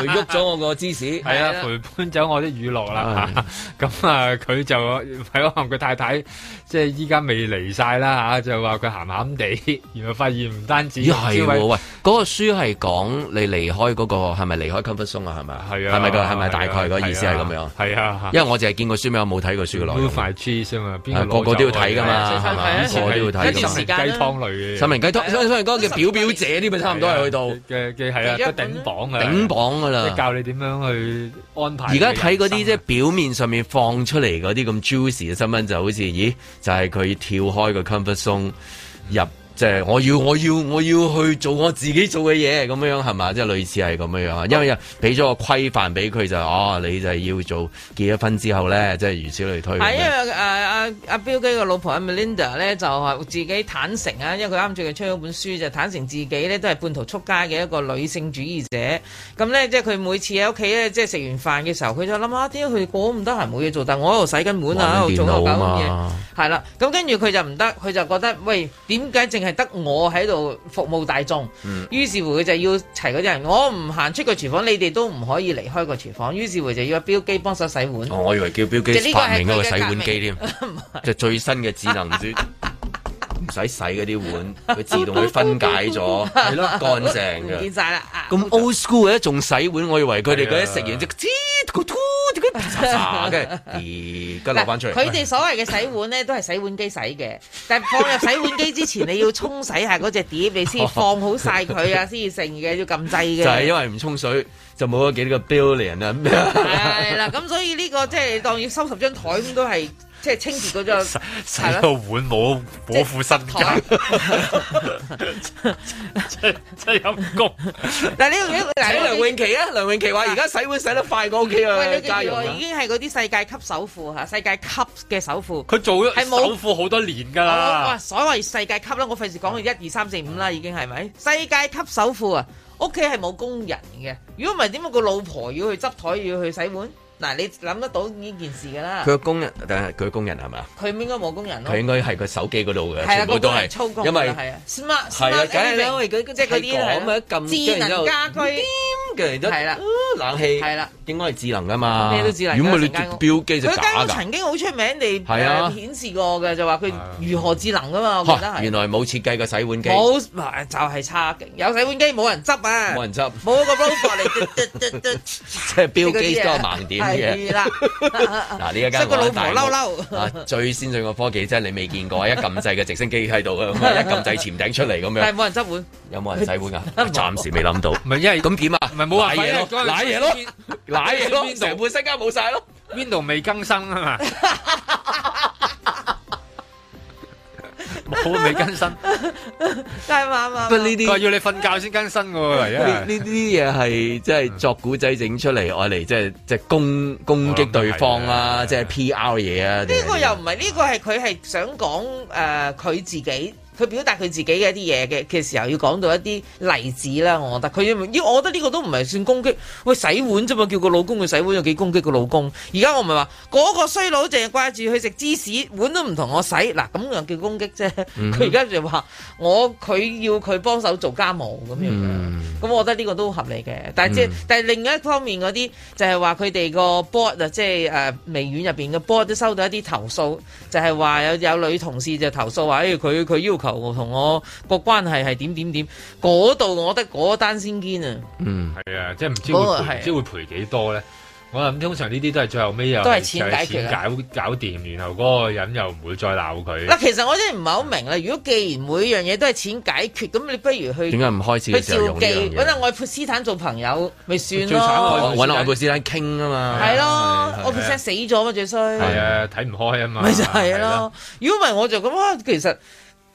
喐咗我個芝士，係啊，陪搬走我啲娛樂啦，咁啊，佢就係咯，佢太太即係依家未嚟晒啦嚇，就話佢鹹鹹地，然後發現唔單止。係喎喂，嗰個書係講你離開嗰個係咪離開 comfort 松啊？係咪啊？係啊，係咪㗎？係咪大概嗰意思係咁樣？係啊，因為我淨係見過書名，我冇睇過書嘅內容 Move My Cheese 啊嘛，個個都要睇㗎嘛。以前喺一段時間咧，心靈雞湯類嘅，心靈雞湯，所以所以嗰叫表表姐呢咪差唔多係去到嘅嘅係啦，個、啊、頂榜嘅頂榜㗎啦，即係教你點樣去安排。而家睇嗰啲即係表面上面放出嚟嗰啲咁 juicy 嘅新聞，就好似咦，就係、是、佢跳開個 comfort zone 入。即係我要我要我要去做我自己做嘅嘢咁樣樣係嘛？即係、就是、類似係咁樣樣，因為俾咗個規範俾佢就係、哦、你就要做結咗婚之後咧，即、就、係、是、如此類推。係的、嗯、因為誒誒阿 Bill 哥嘅老婆阿 Melinda 咧就自己坦誠啊，因為佢啱最近出咗本書就坦誠自己咧都係半途出家嘅一個女性主義者。咁咧即係佢每次喺屋企咧即係食完飯嘅時候，佢就諗下點解佢過咁得閒冇嘢做，但我喺度洗緊碗啊，喺度做下搞下嘢。係啦、嗯，咁跟住佢就唔得，佢就覺得喂點解淨係。係得我喺度服務大眾，嗯、於是乎佢就要齊嗰啲人，我唔行出個廚房，你哋都唔可以離開個廚房，於是乎就要阿標機幫手洗碗。哦，我以為叫標機發明一個洗碗機添，即係 是最新嘅智能機。 唔使洗嗰啲碗，佢自動會分解咗，係咯 了乾淨嘅。見曬啦，咁、啊、old school 嘅仲洗碗，我以為佢哋嗰啲食完即係，個吐住個渣渣嘅。咦，咁流翻出嚟？佢哋所謂嘅洗碗咧，都係洗碗機洗嘅， 但係放入洗碗機之前， 你要沖洗下嗰隻碟，你先放好晒佢啊，先至剩嘅要撳掣嘅。就係因為唔沖水，就冇咗幾個 billion 啦。係 啦， 咁所以呢、呢個即係當要收拾張台都係。即係清潔嗰種，洗洗個碗冇冇副身家，即即係陰功。嗱，呢個嗱，梁詠琪啊，梁詠琪話而家洗碗洗得快過屋企啊，加油！人已經係嗰啲世界級首富吓，世界級嘅首富，佢做咗首富好多年噶啦、啊。所謂世界級啦，我費事講佢一二三四五啦，1, 2, 3, 4, 5, 已經係咪世界級首富啊？屋企係冇工人嘅，如果唔係，點解個老婆要去執台，要去洗碗？嗱，你諗得到呢件事噶啦？佢工人，但係佢工人係嘛？佢應該冇工人咯。佢應該係個手機嗰度嘅，全部都係。因為，因為 smart smart smart，即係嗰啲咁啊，咁智能家居。係啦，冷氣係啦，應該係智能噶嘛？咩都智能，時間表機就假㗎。佢間屋曾經好出名，你，係啊，顯示過嘅，就話佢如何智能噶嘛？我記得係。原來冇設計個洗碗機，冇嗱就係差勁。有洗碗機冇人執啊，冇人執，冇個 robot 嚟，即係表機都係盲點。啦！嗱，呢一間個老闆嬲嬲啊，最先進嘅科技真係你未見過，一撳掣嘅直升機喺度啊，咁啊一撳掣潛艇出嚟咁樣，係冇人執碗，有冇人洗碗啊？暫時未諗到，咪因為咁點啊？咪冇攋嘢咯，攋嘢咯，攋嘢咯，成半升家冇曬咯，Window 未更新啊嘛。冇未更新， 但係嘛嘛，佢話要你瞓覺先更新嘅喎，呢呢啲嘢係即係作古仔整出嚟，愛嚟即係即係攻攻擊對方啊，即係 PR 嘢啊，呢個又唔係呢個係佢係想講誒佢自己。佢表達佢自己嘅一啲嘢嘅嘅時候，要講到一啲例子啦，我覺得佢要，我覺得呢個都唔係算攻擊。喂，洗碗啫嘛，叫個老公去洗碗，有幾攻擊個老公？而家我咪話嗰個衰佬淨係掛住去食芝士，碗都唔同我洗。嗱、啊，咁又叫攻擊啫？佢而家就話我佢要佢幫手做家務咁樣，咁、嗯、我覺得呢個都合理嘅。但係即、嗯、但係另外一方面嗰啲就係話佢哋個 board、就是、啊，即係誒微軟入面嘅 board 都收到一啲投訴，就係、是、話有有女同事就投訴話誒，佢佢要求。同我個關係係點點點，嗰度我得嗰單先堅啊。嗯，係啊，即係唔知唔知會賠幾多咧？我諗通常呢啲都係最後尾又都係錢解決，搞搞掂，然後嗰個人又唔會再鬧佢。嗱，其實我真係唔係好明啦。如果既然每樣嘢都係錢解決，咁你不如去點解唔開始嘅去照記搵阿愛普斯坦做朋友，咪算咯。最慘，搵阿愛普斯坦傾啊嘛。係咯，愛普斯坦死咗嘛，最衰。係啊，睇唔開啊嘛。咪就係咯。如果唔係我就咁其實。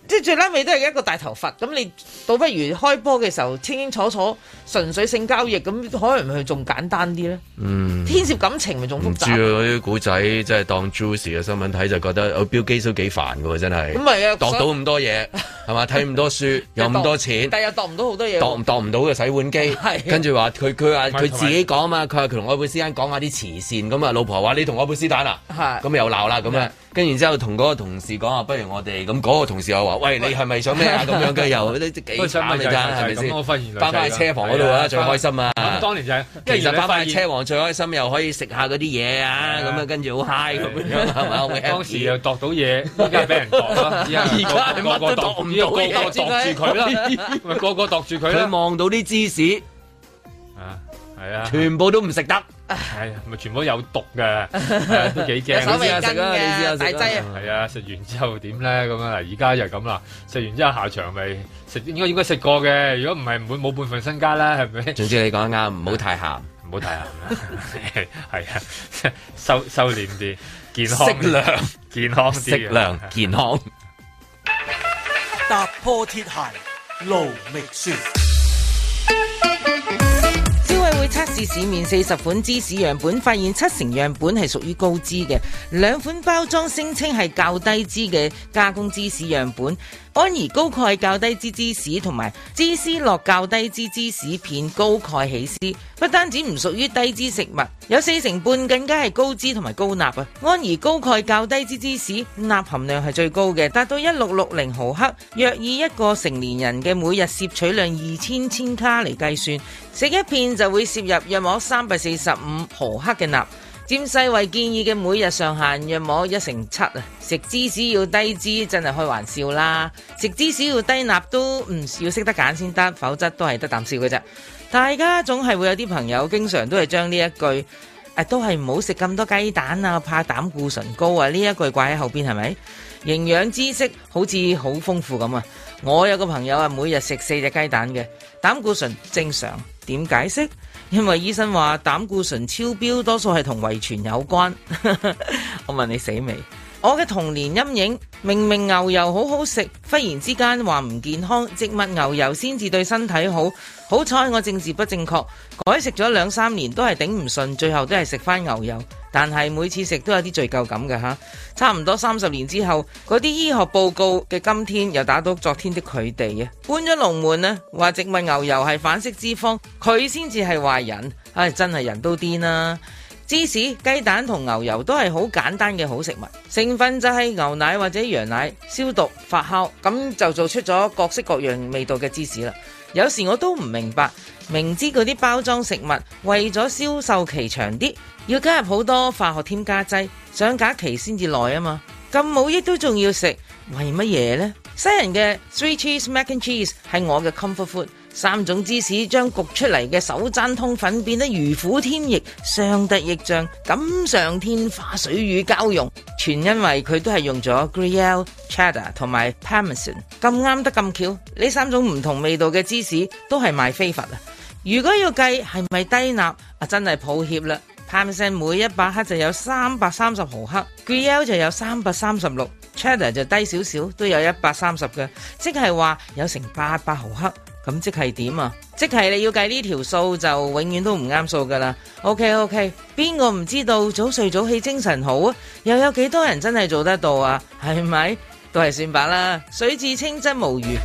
即係最屘尾都係一個大頭佛，咁你倒不如開波嘅時候清清楚楚，純粹性交易咁，可能佢仲簡單啲咧。嗯，牽涉感情咪仲複雜。唔知啊，啲古仔即係當 juicy 嘅新聞睇就覺得我 Bill Gates 都幾煩噶，真係。咁咪啊，度到咁多嘢係嘛，睇咁多書，有咁多錢，但係又度唔到好多嘢。度度唔到嘅洗碗機，跟住話佢佢話佢自己講嘛，佢話佢同愛潑斯坦講下啲慈善，咁啊老婆話你同愛潑斯坦啊，係咁又鬧啦咁啊。跟住之後同嗰個同事講話不如我哋咁嗰個同事又話：喂，你係咪想咩啊？咁樣跟住又啲幾假你真係咪先？我翻翻車房嗰度啊，最開心啊！當年就係，其實翻翻車房最開心，又可以食下嗰啲嘢啊，咁樣跟住好嗨。咁樣，當時又度到嘢，而家俾人度啦，而家個個度唔到嘢，而家個個度住佢啦，個個度住佢啦。佢望到啲芝士。係啊，全部都唔食得，係咪全部都有毒嘅？都幾驚啊！你知食啊，你知有食啊？係啊，食完之後點咧？咁樣嚟，而家就係咁啦。食完之後下場咪食？應該應該食過嘅。如果唔係，唔會冇半份身家啦，係咪？總之你講得啱，唔好太鹹，唔好太鹹，係啊，收收斂啲，健康。適量健康啲，適量健康。會會測試市面四十款芝士樣本，發現七成樣本係屬於高脂嘅。兩款包裝聲稱係較低脂嘅加工芝士樣本，安怡高鈣較低脂芝士同埋芝司樂較低脂芝士片高鈣起司，不單止唔屬於低脂食物，有四成半更加係高脂同埋高鈉啊！安怡高鈣較低脂芝士鈉含量係最高嘅，達到一六六零毫克。約以一個成年人嘅每日攝取量二千千卡嚟計算，食一片就。會攝入約莫三百四十五毫克嘅鈉，佔世衛建議嘅每日上限約莫一成七啊！食芝士要低脂，真係開玩笑啦！食芝士要低鈉都唔、嗯、要識得揀先得，否則都係得啖笑嘅啫。大家總係會有啲朋友經常都係將呢一句、啊、都係唔好食咁多雞蛋啊，怕膽固醇高啊，呢一句掛喺後邊係咪？營養知識好似好豐富咁啊！我有個朋友啊，每日食四隻雞蛋嘅，膽固醇正常，點解釋？因為醫生話膽固醇超標，多數係同遺傳有關。 我問你死未？我嘅童年陰影，明明牛油好好食，忽然之間話唔健康，植物牛油先至對身體好。好彩我政治不正確，改食咗兩三年都係頂唔順，最後都係食翻牛油。但係每次食都有啲罪疚感嘅嚇。差唔多三十年之後，嗰啲醫學報告嘅今天又打到昨天的佢哋啊！搬咗龍門咧，話植物牛油係反式脂肪，佢先至係壞人。唉，真係人都癲啦啊！芝士、雞蛋同牛油都係好簡單嘅好食物，成分就係牛奶或者羊奶，消毒發酵，咁就做出咗各式各樣味道嘅芝士啦。有時我都唔明白，明知嗰啲包裝食物為咗銷售期長啲，要加入好多化學添加劑，上架期先至耐啊嘛，咁冇益都仲要食，為乜嘢呢？西人嘅 Three Cheese Mac and Cheese 係我嘅 comfort food。三種芝士將焗出嚟嘅手踭通粉變得如虎添翼，相得益彰，錦上添花，水乳交融。全因為佢都係用咗 Gruyere Cheddar 同埋 Parmesan 咁啱得咁巧，呢三種唔同味道嘅芝士都係 my favorite 啊！如果要計係咪低鈉，啊真係抱歉啦。Parmesan 每一百克就有三百三十毫克，Gruyere 就有三百三十六，Cheddar 就低少少，都有一百三十嘅，即係話有成八百毫克。咁即係點啊？即係你要計呢條數就永遠都唔啱數噶啦。OK OK，邊個唔知道早睡早起精神好啊？又有幾多人真係做得到啊？係咪？都係算罷啦。水至清則無魚。